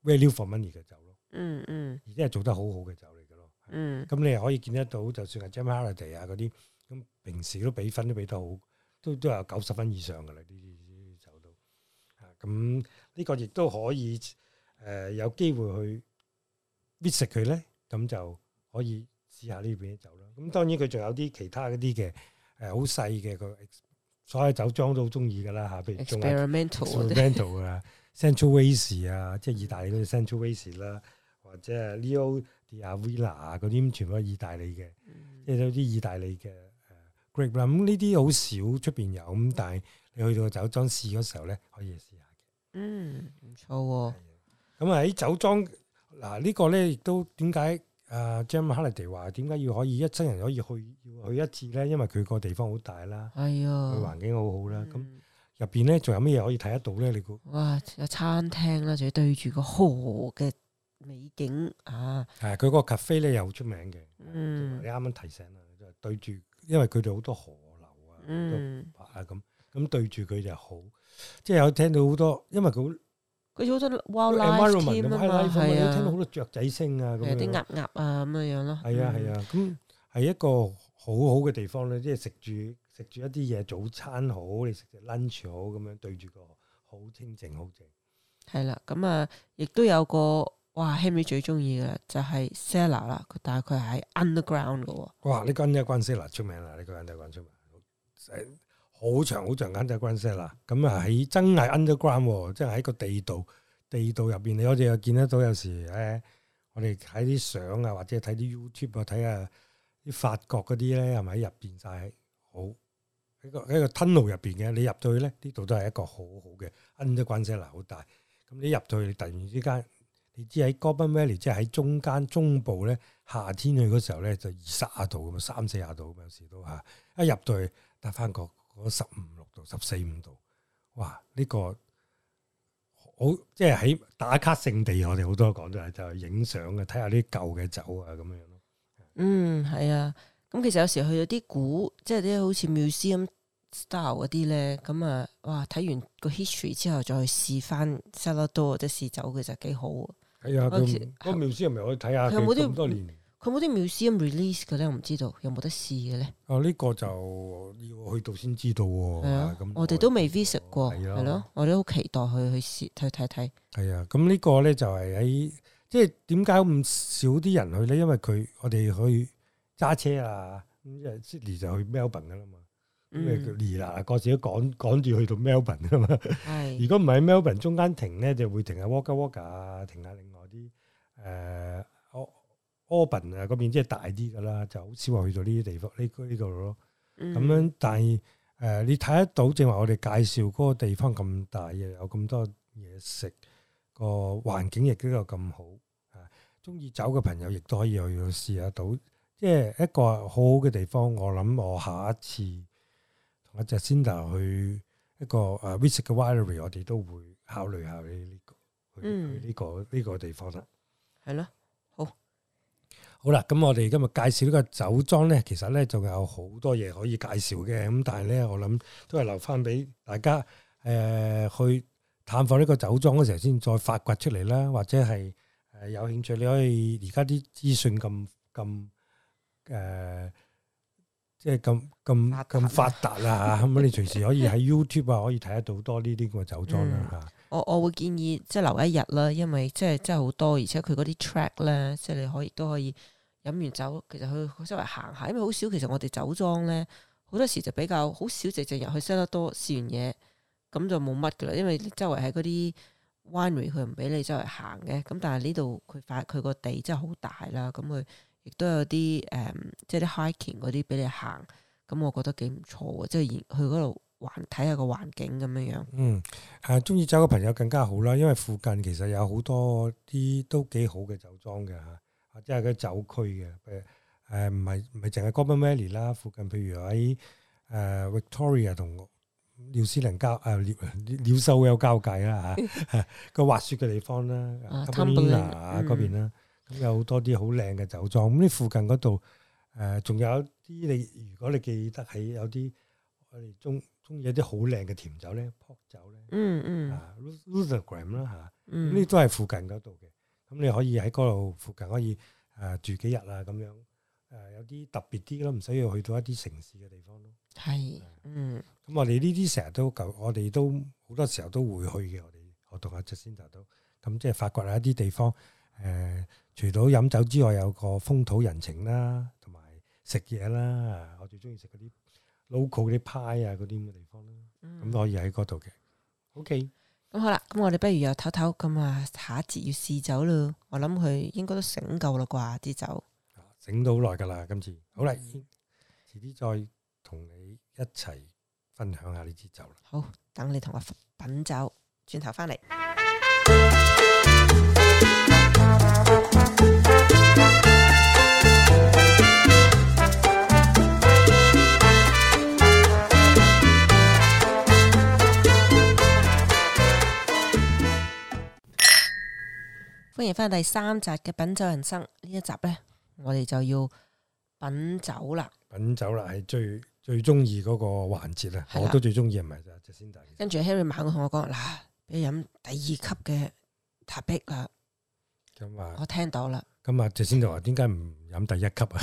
value for money 嘅酒咯。嗯嗯，而且係做得好好嘅酒。嗯，咁你又可以見得到，就算係 James Hardy 啊嗰啲，咁平時都比分都比得好，都都有九十分以上噶啦，呢啲酒都，啊咁呢個亦都可以，誒、呃、有機會去 visit 佢咧，咁就可以試下呢邊啲酒啦。咁當然佢仲有啲其他嗰啲嘅，誒好細嘅個所有酒莊都好中意噶啦，吓、啊，譬如中 experimental 啊，Central West, 啊，即係意大利啲 Central 啦，啊。或者係 Leo Di v i v a 嗰啲，全部係意大利嘅，即係有啲意大利嘅 Grape。咁呢啲好少出邊有，咁但係你去到酒莊試嗰時候咧，可以試下嘅。嗯，唔錯喎。咁喺酒莊嗱，啊這個、呢個咧亦都點解誒？James Halliday 話點解要可以一親人可以去去一次咧？因為佢個地方好大啦，係啊、哎呦，佢環境好好啦。咁入邊咧仲有乜嘢可以睇得到咧？你估？哇！有餐廳啦，仲要對住個河嘅。美景啊！係佢個 cafe 咧又好出名嘅。嗯，你啱啱提醒啦，就對住，因為佢哋好多河流啊、啊咁，咁對住佢就好。即係有聽到好多，因為佢佢好多 wildlife 啊嘛，係啊，聽到好多雀仔聲啊，咁啊啲鴨鴨啊咁樣樣咯。係啊係啊，咁係一個好好嘅地方咧，即係食住食住一啲嘢，早餐好，你食隻 lunch 好，咁樣對住個好清靜，好靜。係啦，咁啊，亦都有個。哇 Henry 最中意嘅就係 Cellar 啦，佢大概係 Underground 嘅。哇！呢個 underground Cellar 出名啦，呢個 underground 出名。好長好長間就係個 Cellar，咁啊喺真係 Underground，即係喺個地道、地道入邊。我哋又見得到有時咧，我哋睇啲相啊，或者睇啲 YouTube 啊，睇下啲法國嗰啲咧，係咪喺入邊曬？好喺個喺個 tunnel 入邊嘅，你入到去咧，呢度都係一個好好嘅 Underground Cellar，好大。咁你入到去，突然之間。你知喺 Goulburn Valley 即係喺中間中部咧，夏天去嗰時候咧就二十度咁啊，三四啊度咁，有時都吓，一入到去得翻個十五六度、十四五度，哇！呢、呢個好即係喺打卡聖地，我哋好多講都係就影相嘅，睇下啲舊嘅酒啊咁樣咯。嗯，係啊，咁其實有時去咗啲古即係啲好似 museum style 嗰啲咧，咁啊哇！睇完個 history 之後再去試翻 Salado 或者試酒，其實幾好。係、哎、啊，個個廟師係咪我睇下佢冇啲咁多年？佢冇啲 museum 咁 release 嘅咧，我唔知道有冇得試嘅咧。哦、啊，呢、這個就要去到先知道喎。啊，咁、啊、我哋都未 visit、啊、過，係咯，我哋都好期待去去試睇睇睇。係啊，咁呢個咧就係喺即係點解咁少啲人去咧？因為佢我哋去揸車啊，咁即係 Sydney 就去 Melbourne 嘅啦嘛，咁咪叫離啦，個時都趕趕住去到 Melbourne 啊嘛。 的如果唔係喺 Melbourne 中間停咧，就會停下 Wagga Wagga 啊，停下另外。誒，阿阿 Orban 啊，嗰邊即係大啲噶啦，就好少話去到呢啲地方呢呢度咯。咁、嗯、樣，但係誒、呃，你睇得到，正話我哋介紹嗰個地方咁大，嘅，有咁多嘢食，個環境亦都有咁好嚇。中、啊、意走嘅朋友，亦都可以去去試下到。即係一個,一、就是、一個好好嘅地方。我諗我下一次同阿 Jacinda 去一個誒 visit 嘅 winery 我哋都會考慮下呢、這、呢個去呢、這個呢、這個這個地方啦。嗯嗯係咯，好，好啦，咁我哋今日介紹呢個酒莊咧，其實咧仲有好多嘢可以介紹嘅，咁但係咧我諗都係留翻俾大家誒去探訪呢個酒莊嗰時先再發掘出嚟啦。或者係誒有興趣，你可以而家啲資訊咁咁誒，即係咁咁咁發達啦吓，咁你隨時可以喺 YouTube 啊可以睇得到多呢啲咁嘅酒莊啦吓。我我會建議即係留一日啦，因為即係真係好多，而且佢嗰啲 track 咧，即係你可以都可以飲完酒，其實去周圍行下，因為好少。其實我哋酒莊咧好多時就比較好少，直直入去 set 得多，多試完嘢，咁就冇乜嘅啦。因為周圍係嗰啲 winery 佢唔俾你周圍行嘅。咁但係呢度佢塊佢個地真係好大啦，咁佢亦都有啲誒、嗯，即係啲 hiking 嗰啲俾你行。咁我覺得幾唔錯喎，即係去嗰度。環睇下一個環境咁樣樣，嗯，係中意酒嘅朋友更加好啦，因為附近其實有好多啲都幾好嘅酒莊嘅吓，即係個酒區嘅，誒誒唔係唔係淨係 Goulburn Valley 啦，附近譬如喺誒 Victoria 同廖思玲交誒廖廖秀有交界啦吓，個滑雪嘅地方啦，Tahuna 嗰邊啦，咁有很多很好多啲好靚嘅酒莊，咁啲、嗯、附近嗰度誒仲有啲你如果你記得喺有啲我哋中。中意一啲好靚嘅甜酒咧，砵酒咧、嗯，嗯、啊 gram，啊、嗯，啊，Rutherglen 啦吓，咁呢都係附近嗰度嘅，咁你可以喺嗰度附近可以誒、呃、住幾日啊咁樣，誒、呃、有啲特別啲咯，唔需要去到一啲城市嘅地方咯，係是，啊、嗯，咁、嗯、我哋呢啲成日都，我哋都好多時候都會去嘅，我哋我同阿 Jacinda 都，咁即係發掘一啲地方，誒、呃、除咗飲酒之外，有個風土人情啦，同埋食嘢啦，我最中意食嗰啲。local 嗰啲派啊，嗰啲咁嘅地方咧，咁可以喺嗰度嘅。OK，咁好啦，咁我哋不如又唞唞咁啊，下一節要試酒咯。我諗佢應該都醒夠啦啩，支酒醒到好耐噶啦。今次好啦，遲啲再同你一齊分享下呢支酒啦。好，等你同我品酒，轉頭翻嚟。歡迎翻第三集嘅品酒人生呢一集咧，我哋就要品酒啦，品酒啦係最最中意嗰個環節啦，我都最中意，唔係就阿 Jacinda, 我跟住 Henry 猛我同我講嗱，你飲第二級嘅 Tahbilk 啦，咁啊，我聽到啦，咁啊 Jacinda 就話點解唔飲第一級啊？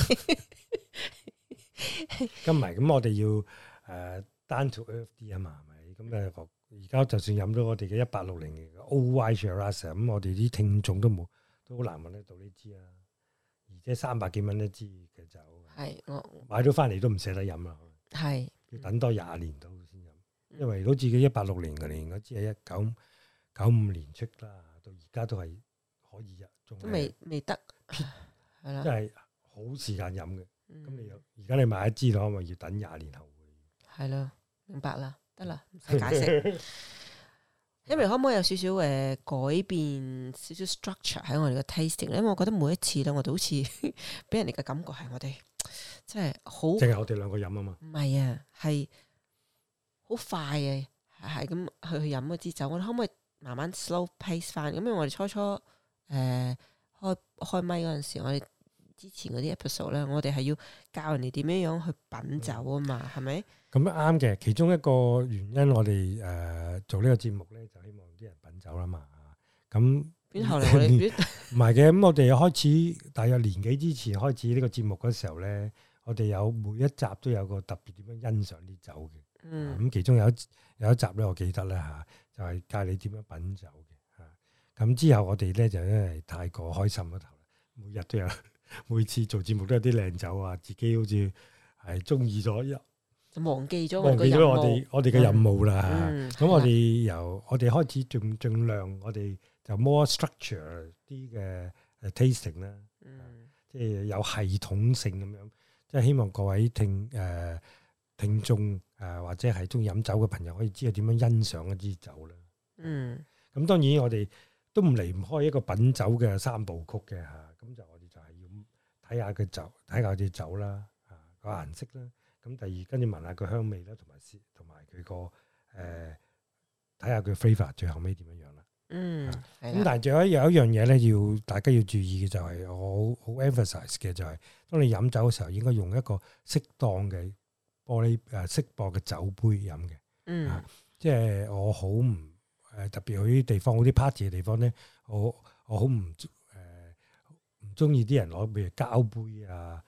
咁唔咁我哋要誒單獨啲啊嘛，係咪？咁誒我。而家就算飲咗我哋嘅一八六零嘅 Old Vine Shiraz 咁， 我哋啲聽眾都冇，都好難揾得到呢支啊！而且三百幾蚊一支嘅酒，係我買咗翻嚟都唔捨得飲啦，係要是等多廿年到先飲，嗯、因為如果自己一八六零嘅年，我支係一九九五年出啦，到而家都係可以啊，仲都未未得，係啦，即係好時間飲嘅。咁、嗯、你而家你買一支可唔可以要等廿年後？係咯、嗯，明白啦。得啦，唔使解釋。因為 可唔可以有少少誒、呃、改變少少 structure 喺我哋嘅 tasting？因為我覺得每一次咧，我哋好似俾人哋嘅感覺係我哋即係好。淨係我哋兩個飲啊嘛。唔係啊，係好快嘅，啊，係咁去去飲嗰支酒。我哋可唔可以慢慢 slow pace 翻？咁因為我哋初初誒、呃、開開麥嗰陣時，我哋。之前嗰啲 episode 咧，我哋係要教人哋點樣樣去品酒啊嘛，係咪、嗯？咁啱嘅，其中一個原因我哋誒、呃、做呢個節目咧，就希望啲人品酒啦嘛。咁邊度嚟？唔係嘅，咁、 嗯、我哋開始大約年幾之前開始呢個節目嗰時候咧，我哋有每一集都有個特別點樣欣賞啲酒嘅。嗯、咁、嗯、其中有一有一集咧，我記得咧吓、啊，就係、是、教你點樣品酒嘅吓。咁、啊嗯、之後我哋咧就因為太過開心咗頭，每日都有。每次做節目都有啲靚酒啊，自己好似係中意咗一忘記咗忘記咗我哋我哋嘅任務啦。咁、嗯嗯啊、我哋由我哋開始盡盡量，我哋就 more structure 啲嘅 tasting 啦、啊，即係有系統性咁樣、啊，即係希望各位聽誒、呃、聽眾誒、呃、或者係中意飲酒嘅朋友可以知道點樣欣賞一啲酒啦。嗯、咁、啊、當然我哋都唔離唔開一個品酒嘅三部曲嘅吓，咁、啊、就。睇下佢酒，睇下啲酒啦，嚇、啊、個顏色啦，咁第二跟住聞下佢香味啦，同埋同埋佢個誒睇下佢 flavour 最後尾點樣樣啦。嗯，咁、嗯、但係仲有一樣嘢咧，要大家要注意嘅就係、是、我好 emphasize 嘅就係、是、當你飲酒嘅時候，應該用一個適當嘅玻璃誒，適當嘅酒杯飲嘅。嗯，即係我好唔誒，特別去啲地方，好啲 party 嘅地方咧，我我好唔。唔中意啲人攞譬如膠杯啊，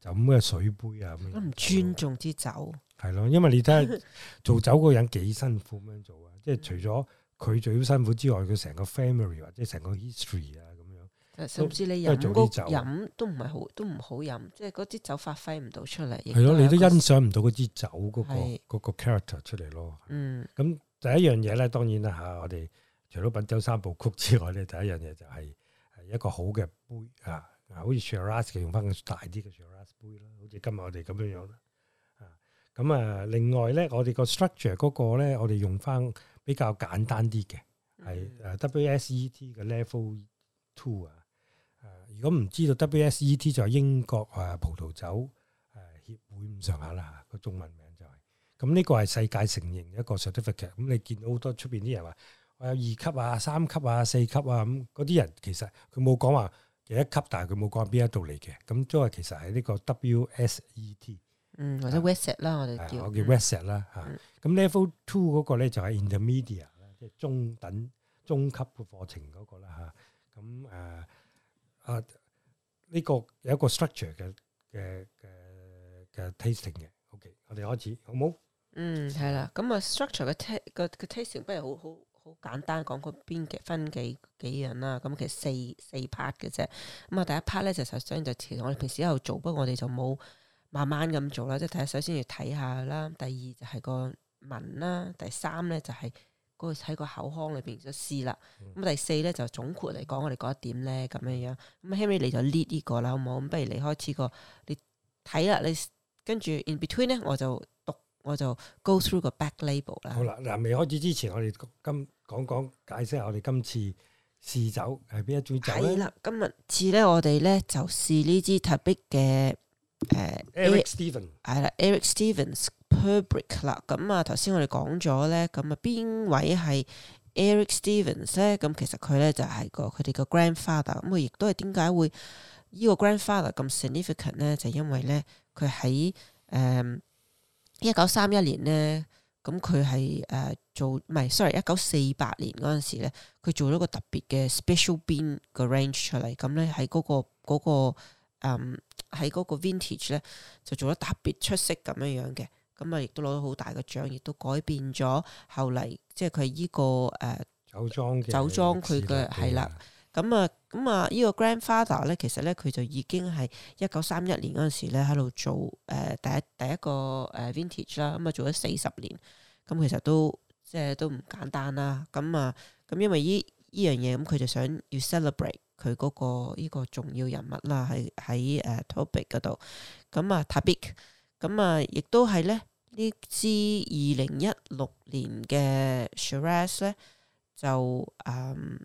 就咁嘅水杯啊咁樣。我唔尊重啲酒。係咯，因為你睇下做酒嗰個人幾辛苦咁樣做啊？即係除咗佢最辛苦之外，佢成個 family 或者成個 history 啊咁樣。甚至你飲啲酒飲都唔係好，都唔好飲，即係嗰啲酒發揮唔到出嚟。係咯，你都欣賞唔到嗰支酒嗰個嗰個 character 出嚟咯。嗯。咁第一樣嘢咧，當然啦嚇，我哋除咗品酒三部曲之外咧，第一樣嘢就係。一個好嘅杯啊，啊，好似 Shiraz 用翻個大啲嘅 Shiraz 杯啦，好似今日我哋咁樣樣啦啊。咁啊，另外咧，我哋 st 個 structure 嗰個咧，我哋用翻比較簡單啲嘅，係 WSET 嘅 Level Two 啊。啊，如果唔知道 WSET 就係英國啊、uh, 葡萄酒誒協會咁上下啦嚇，個、啊、中文名就係、是。咁呢、啊啊這個係世界承認一個 certificate。咁你見到好多出邊啲人話。有二級啊、三級啊、四級啊，咁嗰啲人其實佢冇講話幾一級，但係佢冇講邊一度嚟嘅，咁都係其實喺呢個 WSET，嗯，或者 WSET 啦，我哋叫，啊、我叫 WSET 啦嚇、嗯。咁、啊、Level Two 嗰個咧就係 Intermediate、嗯、即係中等中級嘅課程嗰、那個啦嚇。咁誒啊，呢、啊啊這個有一個 structure 嘅嘅嘅嘅 tasting 嘅，OK，我哋開始好冇？嗯，係啦，咁啊 structure 嘅 tasting 不如好好。好簡單講，個邊幾分幾幾樣啦，咁其實四四 part 嘅啫。咁、嗯、啊，第一 part 咧就首先就其實我哋平時都有做，不過我哋就冇慢慢咁做啦。即係睇下，首先要睇下啦，第二就係個聞啦，第三咧就係嗰個喺個口腔裏邊嘅試啦。咁、嗯、第四咧就總括嚟講，我哋覺得點咧咁樣樣。咁 Henry，你就 lead 呢個啦，好唔好？咁不如你開始個你睇啦，你跟住 in between 咧，我就讀。我就 go through 個 back label 啦。好啦，嗱，未開始之前，我哋今講講解釋下，我哋今次試酒係邊一種酒咧？今日次咧，我哋咧就試呢支特別嘅誒，Eric Stevens 係啦，Eric Stevens Purbrick 啦。咁啊，頭先我哋講咗咧，咁啊邊位係 Eric Stevens 咧？咁其實佢咧就係個佢哋個 grandfather。咁啊，亦都係點解會呢個 grandfather 咁 significant 咧？就因為咧，佢喺誒。嗯呃哎、sorry，一九三一年咧，咁佢係誒做唔係，sorry，一九四八年嗰陣時咧，佢做咗個特別嘅 special bean 嘅 range 出嚟，咁咧喺嗰個嗰喺嗰個、那個嗯、個 vintage 咧就做得特別出色咁樣樣嘅，咁啊亦都攞咗好大嘅獎，亦都改變咗後嚟，即係佢依個誒、呃、酒莊嘅酒莊佢嘅係啦。咁啊，咁啊、嗯，嗯這個、呢個 grandfather 咧，其實咧佢就已經係一九三一年嗰陣時咧喺度做誒、呃、第一第一個誒、呃、vintage 啦，咁啊做咗四十年，咁、嗯、其實都即係都唔簡單啦。咁、嗯、啊，咁、嗯、因為呢依樣嘢，咁佢就想要 celebrate 佢嗰、那個依、這個重要人物啦，係喺誒 Tahbilk 嗰度。咁啊，Tahbilk，咁啊，亦、嗯嗯嗯嗯嗯、都係咧呢支二零一六年嘅 Shiraz 咧就誒。嗯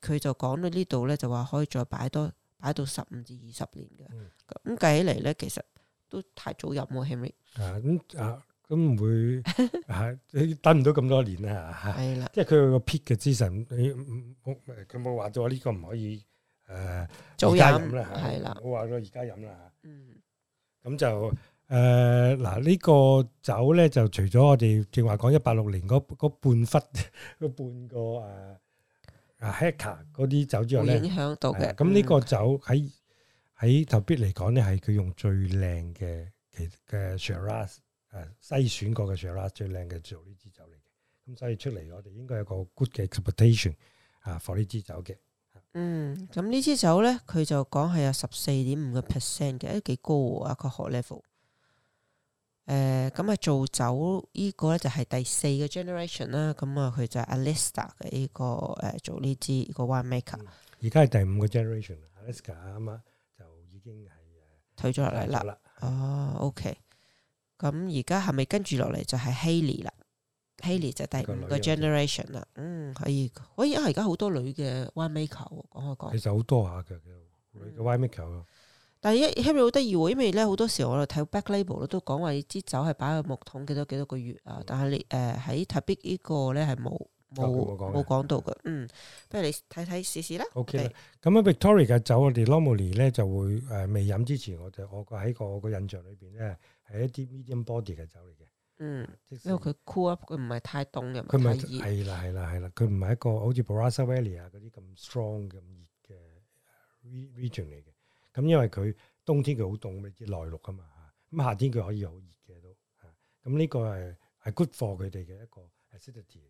佢就講到呢度咧，就話可以再擺多擺到十五至二十年㗎。咁計、嗯、起嚟咧，其實都太早飲喎，Henry。啊，咁啊，咁唔會啊？你等唔到咁多年 對啦 啊？係啦，即係佢個撇嘅姿勢你唔，佢冇話咗呢個唔可以誒，早飲啦，係啦，我話咗而家飲啦。嗯，咁就誒嗱，呢、啊這個酒咧就除咗我哋正話講一八六年嗰半忽嗰半個誒。啊啊，hacker 嗰啲酒之後咧，影響到嘅，咁呢個酒喺喺頭邊嚟講咧，係佢用最靚嘅其嘅 Shiraz 誒篩選過嘅 Shiraz 最靚嘅做呢支酒嚟嘅，咁所以出嚟我哋應該有個 good 嘅 expectation 啊，for 呢支酒嘅。嗯，咁呢支酒咧，佢就講係有十四點五個 percent 嘅，都幾高啊，個 alcohol level。誒咁啊，做走依個咧就係第四個 generation 啦。咁啊，佢就係 Alister 嘅依個誒做呢支依個 winemaker。而家係第五個 generation，Alister 啱嘛？就已經係退咗落嚟啦。哦，OK。咁而家係咪跟住落嚟就係 Hayley 啦？Hayley 就第五個 generation 啦。嗯，可以可以啊。而家好多女嘅 winemaker 講開講，其實好多下嘅，女嘅 winemaker。但係一，因為好得意喎，因為咧好多時候我哋睇 back label 咧都講話支酒係擺喺木桶幾多幾多個月啊，但係你誒喺 Tahbilk 呢個咧係冇冇冇講到嘅，嗯，不如你睇睇試試啦。O K 啦，咁啊，Victoria 嘅酒我哋 Normally 咧就會誒未飲之前，我哋我個喺個個印象裏邊咧係一啲 medium body 嘅酒嚟嘅，嗯，因為佢 cool up，佢唔係太凍又唔係太熱，係啦係啦係啦，佢唔係一個好似 Barossa Valley 嗰啲咁 strong 咁熱嘅 region 嚟嘅。咁因為佢冬天佢好凍嘅，知內陸啊嘛嚇。咁、嗯、夏天佢可以好熱嘅都嚇。咁呢個係係 good 貨佢哋嘅一個 ascentity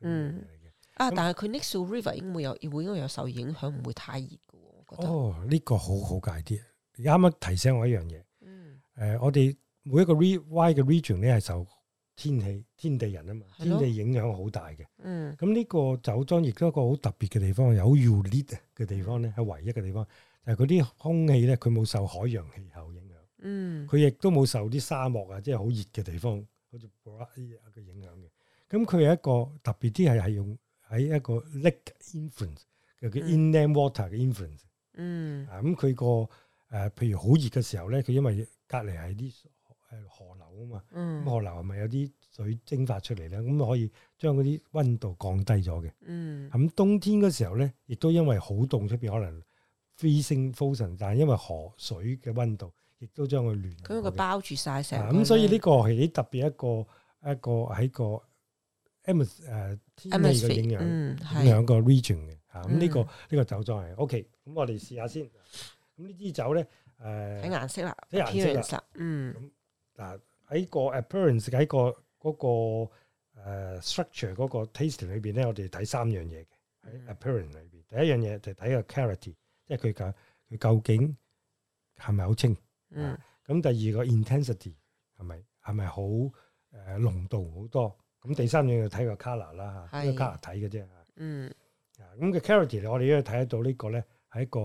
嚟嘅。啊，但係佢 n i x t river 應該會有會應該有受影響，唔、嗯、會太熱嘅喎。我覺得哦，呢、這個好好解啲。你啱啱提醒我一樣嘢。嗯。誒、呃，我哋每一個 river re 嘅 region 咧係受天氣、天地人啊嘛，天地影響好大嘅。嗯。咁呢、嗯、個酒莊亦都一個好特別嘅地方，有 u l i q u 嘅地方咧，係唯一嘅地方。就係嗰啲空氣咧，佢冇受海洋氣候影響，嗯，佢亦都冇受啲沙漠啊，即係好熱嘅地方，好似布達依啊嘅影響嘅。咁佢係一個特別啲係係用喺一個 lake inference 就叫 inland water 嘅 inference 嗯，啊咁佢、個誒、呃、譬如好熱嘅時候咧，佢因為隔籬係啲誒河流啊嘛，嗯嗯、河流係咪有啲水蒸發出嚟咧？咁、嗯、可以將嗰啲温度降低咗嘅，嗯，咁、嗯、冬天嘅時候咧，亦都因為好凍出邊可能。冷凍 飛升火山，但係因為河水嘅温度，亦都將佢暖。佢個包住晒。成、嗯 us。咁、uh, 所以呢個係特別一個一個喺個 m e s 誒天氣嘅影響，兩個 region 嘅嚇。咁呢、嗯、個呢、呢個酒莊係 OK。咁我哋試下先。咁呢支酒咧誒睇顏色啦，睇顏色啦。appearance 嗯。咁嗱喺個 appearance 喺、嗰個嗰、嗰個、嗰個呃、structure 嗰個 tasting 裏邊咧，我哋睇三樣嘢嘅。喺 appearance 裏邊，第一樣嘢就睇個 clarity 即係佢講佢究竟係咪好清？嗯，咁第二個 intensity 係咪係咪好誒濃度好多？咁第三樣就睇個 color 啦，color 睇嘅啫。嗯，啊，咁嘅 clarity 我哋都睇得到呢個咧，係一個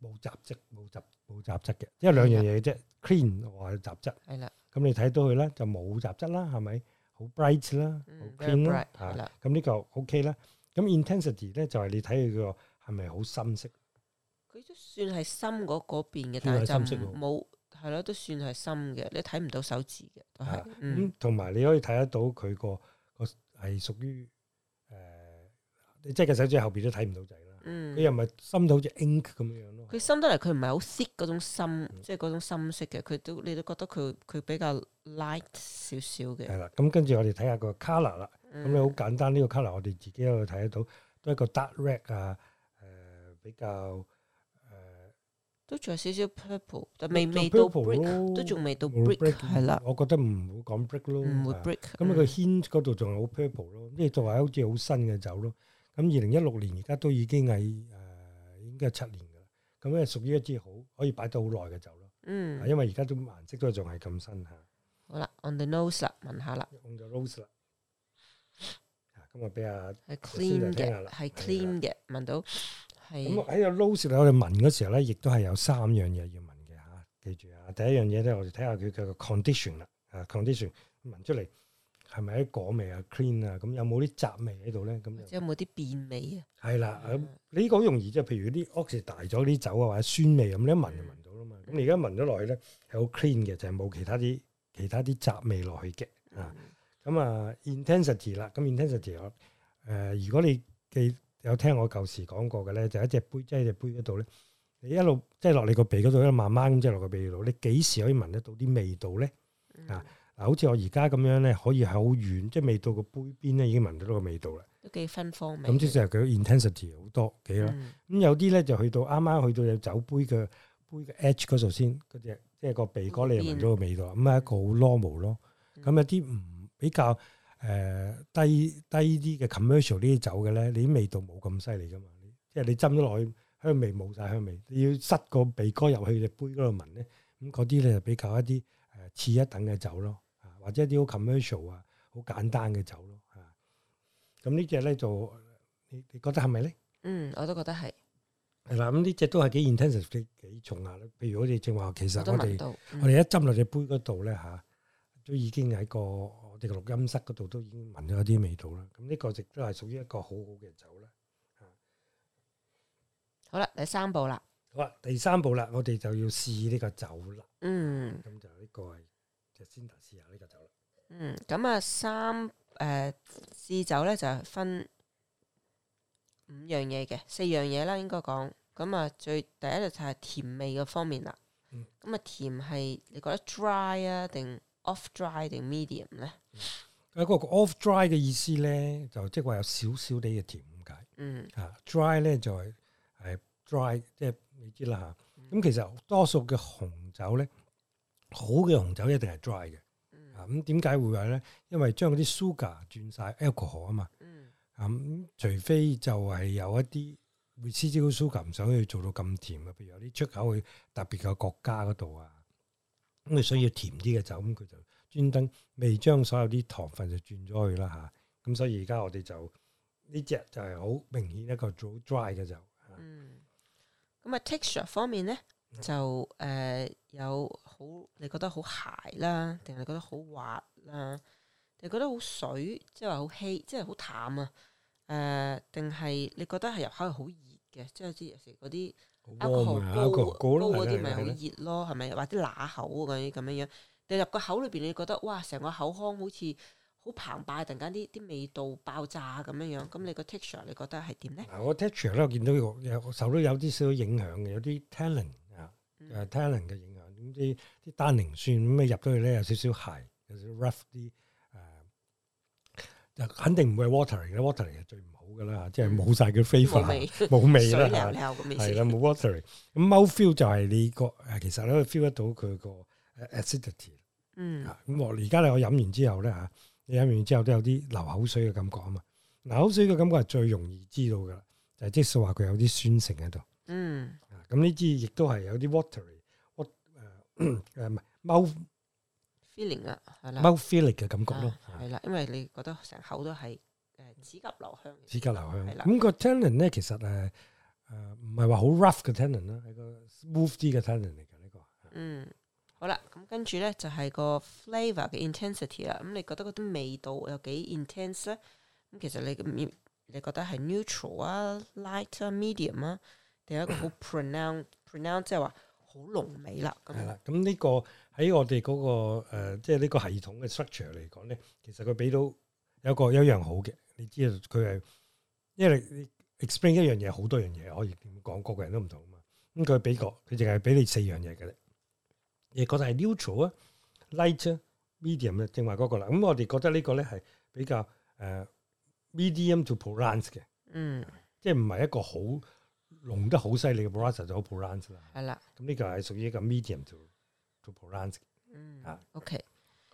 冇雜質、冇雜冇雜質嘅，即係兩樣嘢嘅啫。clean 話有雜質，係啦，咁你睇到佢咧就冇雜質啦，係咪好 bright 啦，好 clean 啦，吓咁呢個 OK 啦。咁 intensity 咧就係你睇佢個係咪好深色。佢都算係深嗰嗰邊嘅，但係就冇係咯，都算係深嘅，你睇唔到手指嘅，係咁、啊。同埋、嗯、你可以睇得到佢個個係屬於誒，即係個手指後邊都睇唔到仔啦。佢、嗯、又唔係深到好似 ink 咁樣樣咯。佢深得嚟，佢唔係好 thick 嗰種深，嗯、即係嗰種深色嘅。佢都你都覺得佢佢比較 light 少少嘅。係啦、嗯，咁跟住我哋睇下個 color 啦。咁你好簡單呢、這個 color，我哋自己可以睇得到，都係一個 dark red 啊，誒、呃、比較。都仲有少少 purple，但未未到 brick，都仲未到 brick，係啦。我覺得唔會講 brick 咯，唔會 brick。咁啊，個 hint 嗰度仲有 purple 咯，即係作為好似好新嘅酒咯。咁二零一六年而家都已經喺誒，應該係七年噶啦。咁咧屬於一支好可以擺得好耐嘅酒咯。嗯，因為而家都顏色都仲係咁新嚇。好啦，on the nose 啦，問下啦。on the nose 啦。啊，今日俾啊，我先嚟聽下啦。係 clean 嘅，係 clean 嘅，問到。咁喺 l 度撈時，我哋聞嗰時候咧，亦都係有三樣嘢要聞嘅吓。記住啊，第一樣嘢咧，我哋睇下佢佢個 condition 啦、啊，啊 condition 聞出嚟係咪啲果味啊 clean 啊，咁有冇啲雜味喺度咧？咁即有冇啲變味啊？係啦，咁呢個好容易，即係譬如啲 oxid 大咗啲酒啊，或者酸味咁，你一聞就聞到啦嘛。咁你而家聞咗落去咧係好 clean 嘅，就係、是、冇其他啲其他啲雜味落去嘅、嗯啊啊。啊，咁 int 啊 intensity 啦，咁 intensity 我誒如果你記。有聽我舊時講過嘅咧，就是、一隻杯，即係隻杯嗰度咧，你一路即係落你個鼻嗰度，一路慢慢咁即係落個鼻度，你幾時可以聞得到啲味道咧？嗯、啊，好似我而家咁樣咧，可以係好遠，即係未到個杯邊咧，已經聞到嗰個味道啦。都幾芬芳味。咁即係佢 intensity 好多嘅咯。咁、嗯、有啲咧就去到啱啱去到有酒杯嘅杯嘅 edge 嗰度先，嗰隻即係個、就是、鼻哥面你又聞到個味道。咁係一個好 normal 咯。咁、嗯嗯、有啲唔比較。誒低低啲嘅 commercial 呢啲酒嘅咧，你啲味道冇咁犀利噶嘛，即係你斟咗落去，香味冇曬香味。你要塞個鼻哥入去隻杯嗰度聞咧，咁嗰啲咧就比較一啲誒次一等嘅酒咯，或者一啲好 commercial 啊，好簡單嘅酒咯。咁呢隻咧就你，你覺得係咪咧？嗯，我都覺得係。係啦，咁呢隻都係幾 intensive 幾重啊？譬如我哋正話，其實我哋我哋一斟落隻杯嗰度咧嚇，都已經係個。我哋錄音室嗰度都已經聞咗一啲味道啦，咁呢個亦都係屬於一個好好嘅酒啦。好啦，第三步啦。好啦，第三步啦，我哋就要試呢個酒啦。嗯。咁就呢個係就先頭試下呢個酒啦。嗯，咁啊三誒試酒咧就係分五樣嘢嘅，四樣嘢啦應該講。咁啊最第一就係甜味嘅方面啦。嗯。咁啊甜係你覺得 dry 啊定？Off dry 定 medium 咧、嗯？啊，嗰個 off dry 嘅意思咧，就即係話有少少啲嘅甜解。嗯，吓、啊、dry 咧就係誒 dry，即係你知啦吓。咁、嗯嗯、其實多數嘅紅酒咧，好嘅紅酒一定係 dry 嘅。嗯、啊，咁點解會話咧？因為將啲 sugar 轉晒 alcohol 啊嘛。嗯。咁、嗯、除非就係有一啲會私自攞 sugar 唔上去做到咁甜啊，譬如有啲出口去特別嘅國家嗰度啊。咁你想要甜啲嘅酒，咁佢就專登未將所有啲糖分就轉咗去啦嚇。咁、啊、所以而家我哋就呢隻就係好明顯一個做 dry 嘅酒，啊嗯。嗯，咁啊，texture 方面咧，嗯、就誒、呃、有好你覺得好鞋啦，定係覺得好滑啦，定覺得好水，即係話好稀，即係好淡啊。誒，定係你覺得係、就是就是呃、入口係好熱嘅，即係啲有時嗰啲。alcohol 嗰啲咪好熱咯，係咪？或者乸口嗰啲咁樣樣，你入個口裏邊，你覺得哇，成個口腔好似好澎湃，突然間啲啲味道爆炸咁樣樣。咁你個 texture 你覺得係點咧？我 texture 咧，我見到有、這、有、個、受到有啲少少影響嘅，有啲 tannin 啊，誒 tannin 嘅影響。咁啲啲單寧酸咁入到去咧，有少少鞋，有少少 rough 啲誒，就肯定唔會係 watering 嘅，watering 係最唔好。即係冇晒佢非化，冇味啦吓，係啦冇 water 咁 mouth feel 就係你個誒，其實你可以 feel 得到佢個 acidity。嗯，咁我而家咧我飲完之後咧吓你飲完之後都有啲流口水嘅感覺啊嘛，流口水嘅感覺係最容易知道噶，就係、是、即係話佢有啲酸性喺度，嗯嗯。嗯，咁呢支亦都係有啲 watery，我誒誒唔係 mouth feeling 啊，係啦，mouth feeling 嘅感覺咯，係啦、啊，因為你覺得成口都係。指甲留香，指甲留香係啦，咁個 tannin 咧，其實誒誒唔係話好 rough 嘅 tannin 啦，係個 smooth 啲嘅 tannin 嚟㗎呢個。嗯，好啦，咁跟住咧就係個 flavour 嘅 intensity 啦。咁你覺得嗰啲味道有幾 intense 咧？咁其實你你覺得係 neutral 啊、light 啊、medium 啊，定係一個 pronoun, 好 pronounce、pronounce 即係話好濃味啦？係啦，咁呢個喺我哋嗰個誒，即係呢個系統嘅 structure 嚟講咧，其實佢俾到有一個有一樣好嘅。你知道佢係，因為 explain 一樣嘢，好多樣嘢可以點講，各個人都唔同啊嘛。咁佢俾個，佢淨係俾你四樣嘢嘅咧。你覺得係 neutral 啊，light、medium 啊，正話嗰個啦。咁我哋覺得呢個咧係比較誒 medium to pronounced 嘅，嗯，即係唔係一個好濃得好犀利嘅 brass 就好 pronounced 啦。係啦、嗯，咁、這、呢個係屬於一個 medium to to pronounced。嗯，嗯，嗯，OK。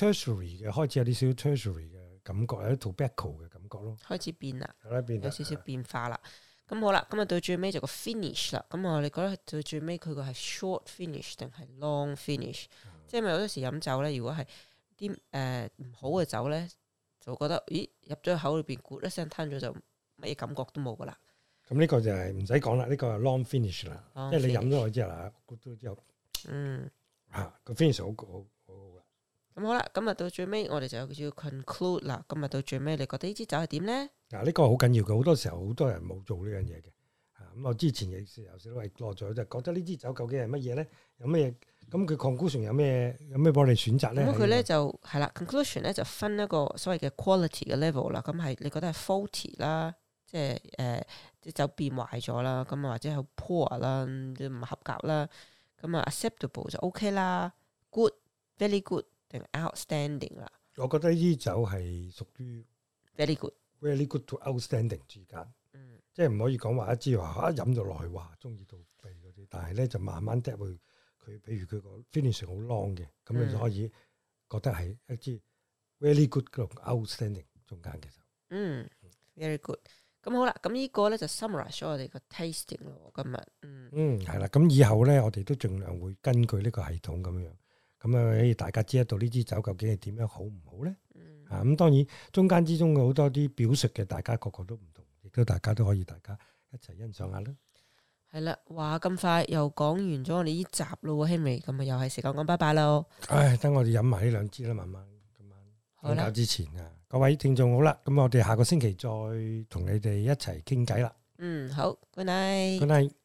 tertiary 嘅開始有啲少 tertiary 嘅感覺，有啲 tobacco 嘅感覺咯，開始變啦，變有少少變化啦。咁、嗯、好啦，今日到最尾就個 finish 啦。咁我哋覺得到最尾佢個係 short finish 定係 long finish？、嗯、即係咪有陣時飲酒咧？如果係啲誒唔好嘅酒咧，就會覺得咦入咗口裏邊，good 一聲吞咗就乜嘢感覺都冇噶啦。咁呢、嗯、個就係唔使講啦，呢、這個係 long finish 啦，Long finish. 即係你飲咗我之後啦，good 咗之後，嗯，吓個、啊、finish 好高。咁好啦，咁啊到最尾，我哋就要 conclude 啦。咁啊到最尾，你覺得呢支酒係點咧？嗱，呢個好緊要嘅，好多時候好多人冇做呢樣嘢嘅。咁我之前亦是有少少係落咗，就覺得呢支酒究竟係乜嘢咧？有咩嘢？咁佢 conclusion 有咩？有咩幫你選擇咧？咁佢咧就係啦，conclusion 咧就分一個所謂嘅 quality 嘅 level 啦。咁係你覺得係 faulty 啦，即係誒即係酒變壞咗啦。咁或者係好 poor 啦，唔合格啦。咁啊 acceptable 就 OK 啦，good，very good。outstanding 啦，Out 我覺得呢支酒係屬於 very good，very good to outstanding 之間，嗯，即係唔可以講話一支話一飲就落去話中意到鼻嗰啲，但係咧就慢慢嗒去佢，譬如佢個 finish 好 long 嘅，咁你就可以覺得係一支 very good 到 outstanding 中間嘅酒，嗯，very good，咁好啦，咁呢個咧就 summarize 咗我哋個 tasting 咯，今日，嗯，係啦，咁以後咧我哋都盡量會根據呢個系統咁樣。咁啊，嗯、大家知得到呢支酒究竟係點樣好唔好咧？嗯、啊，咁當然中間之中嘅好多啲表述嘅，大家個個都唔同，亦都大家都可以大家一齊欣賞下啦。係啦，哇！咁快又講完咗我哋呢集咯，輕微咁，啊，又係時間講拜拜啦！唉，等我哋飲埋呢兩支啦，慢慢今晚瞓覺吧之前啊，各位聽眾好啦，咁我哋下個星期再同你哋一齊傾偈啦。嗯，好，good night。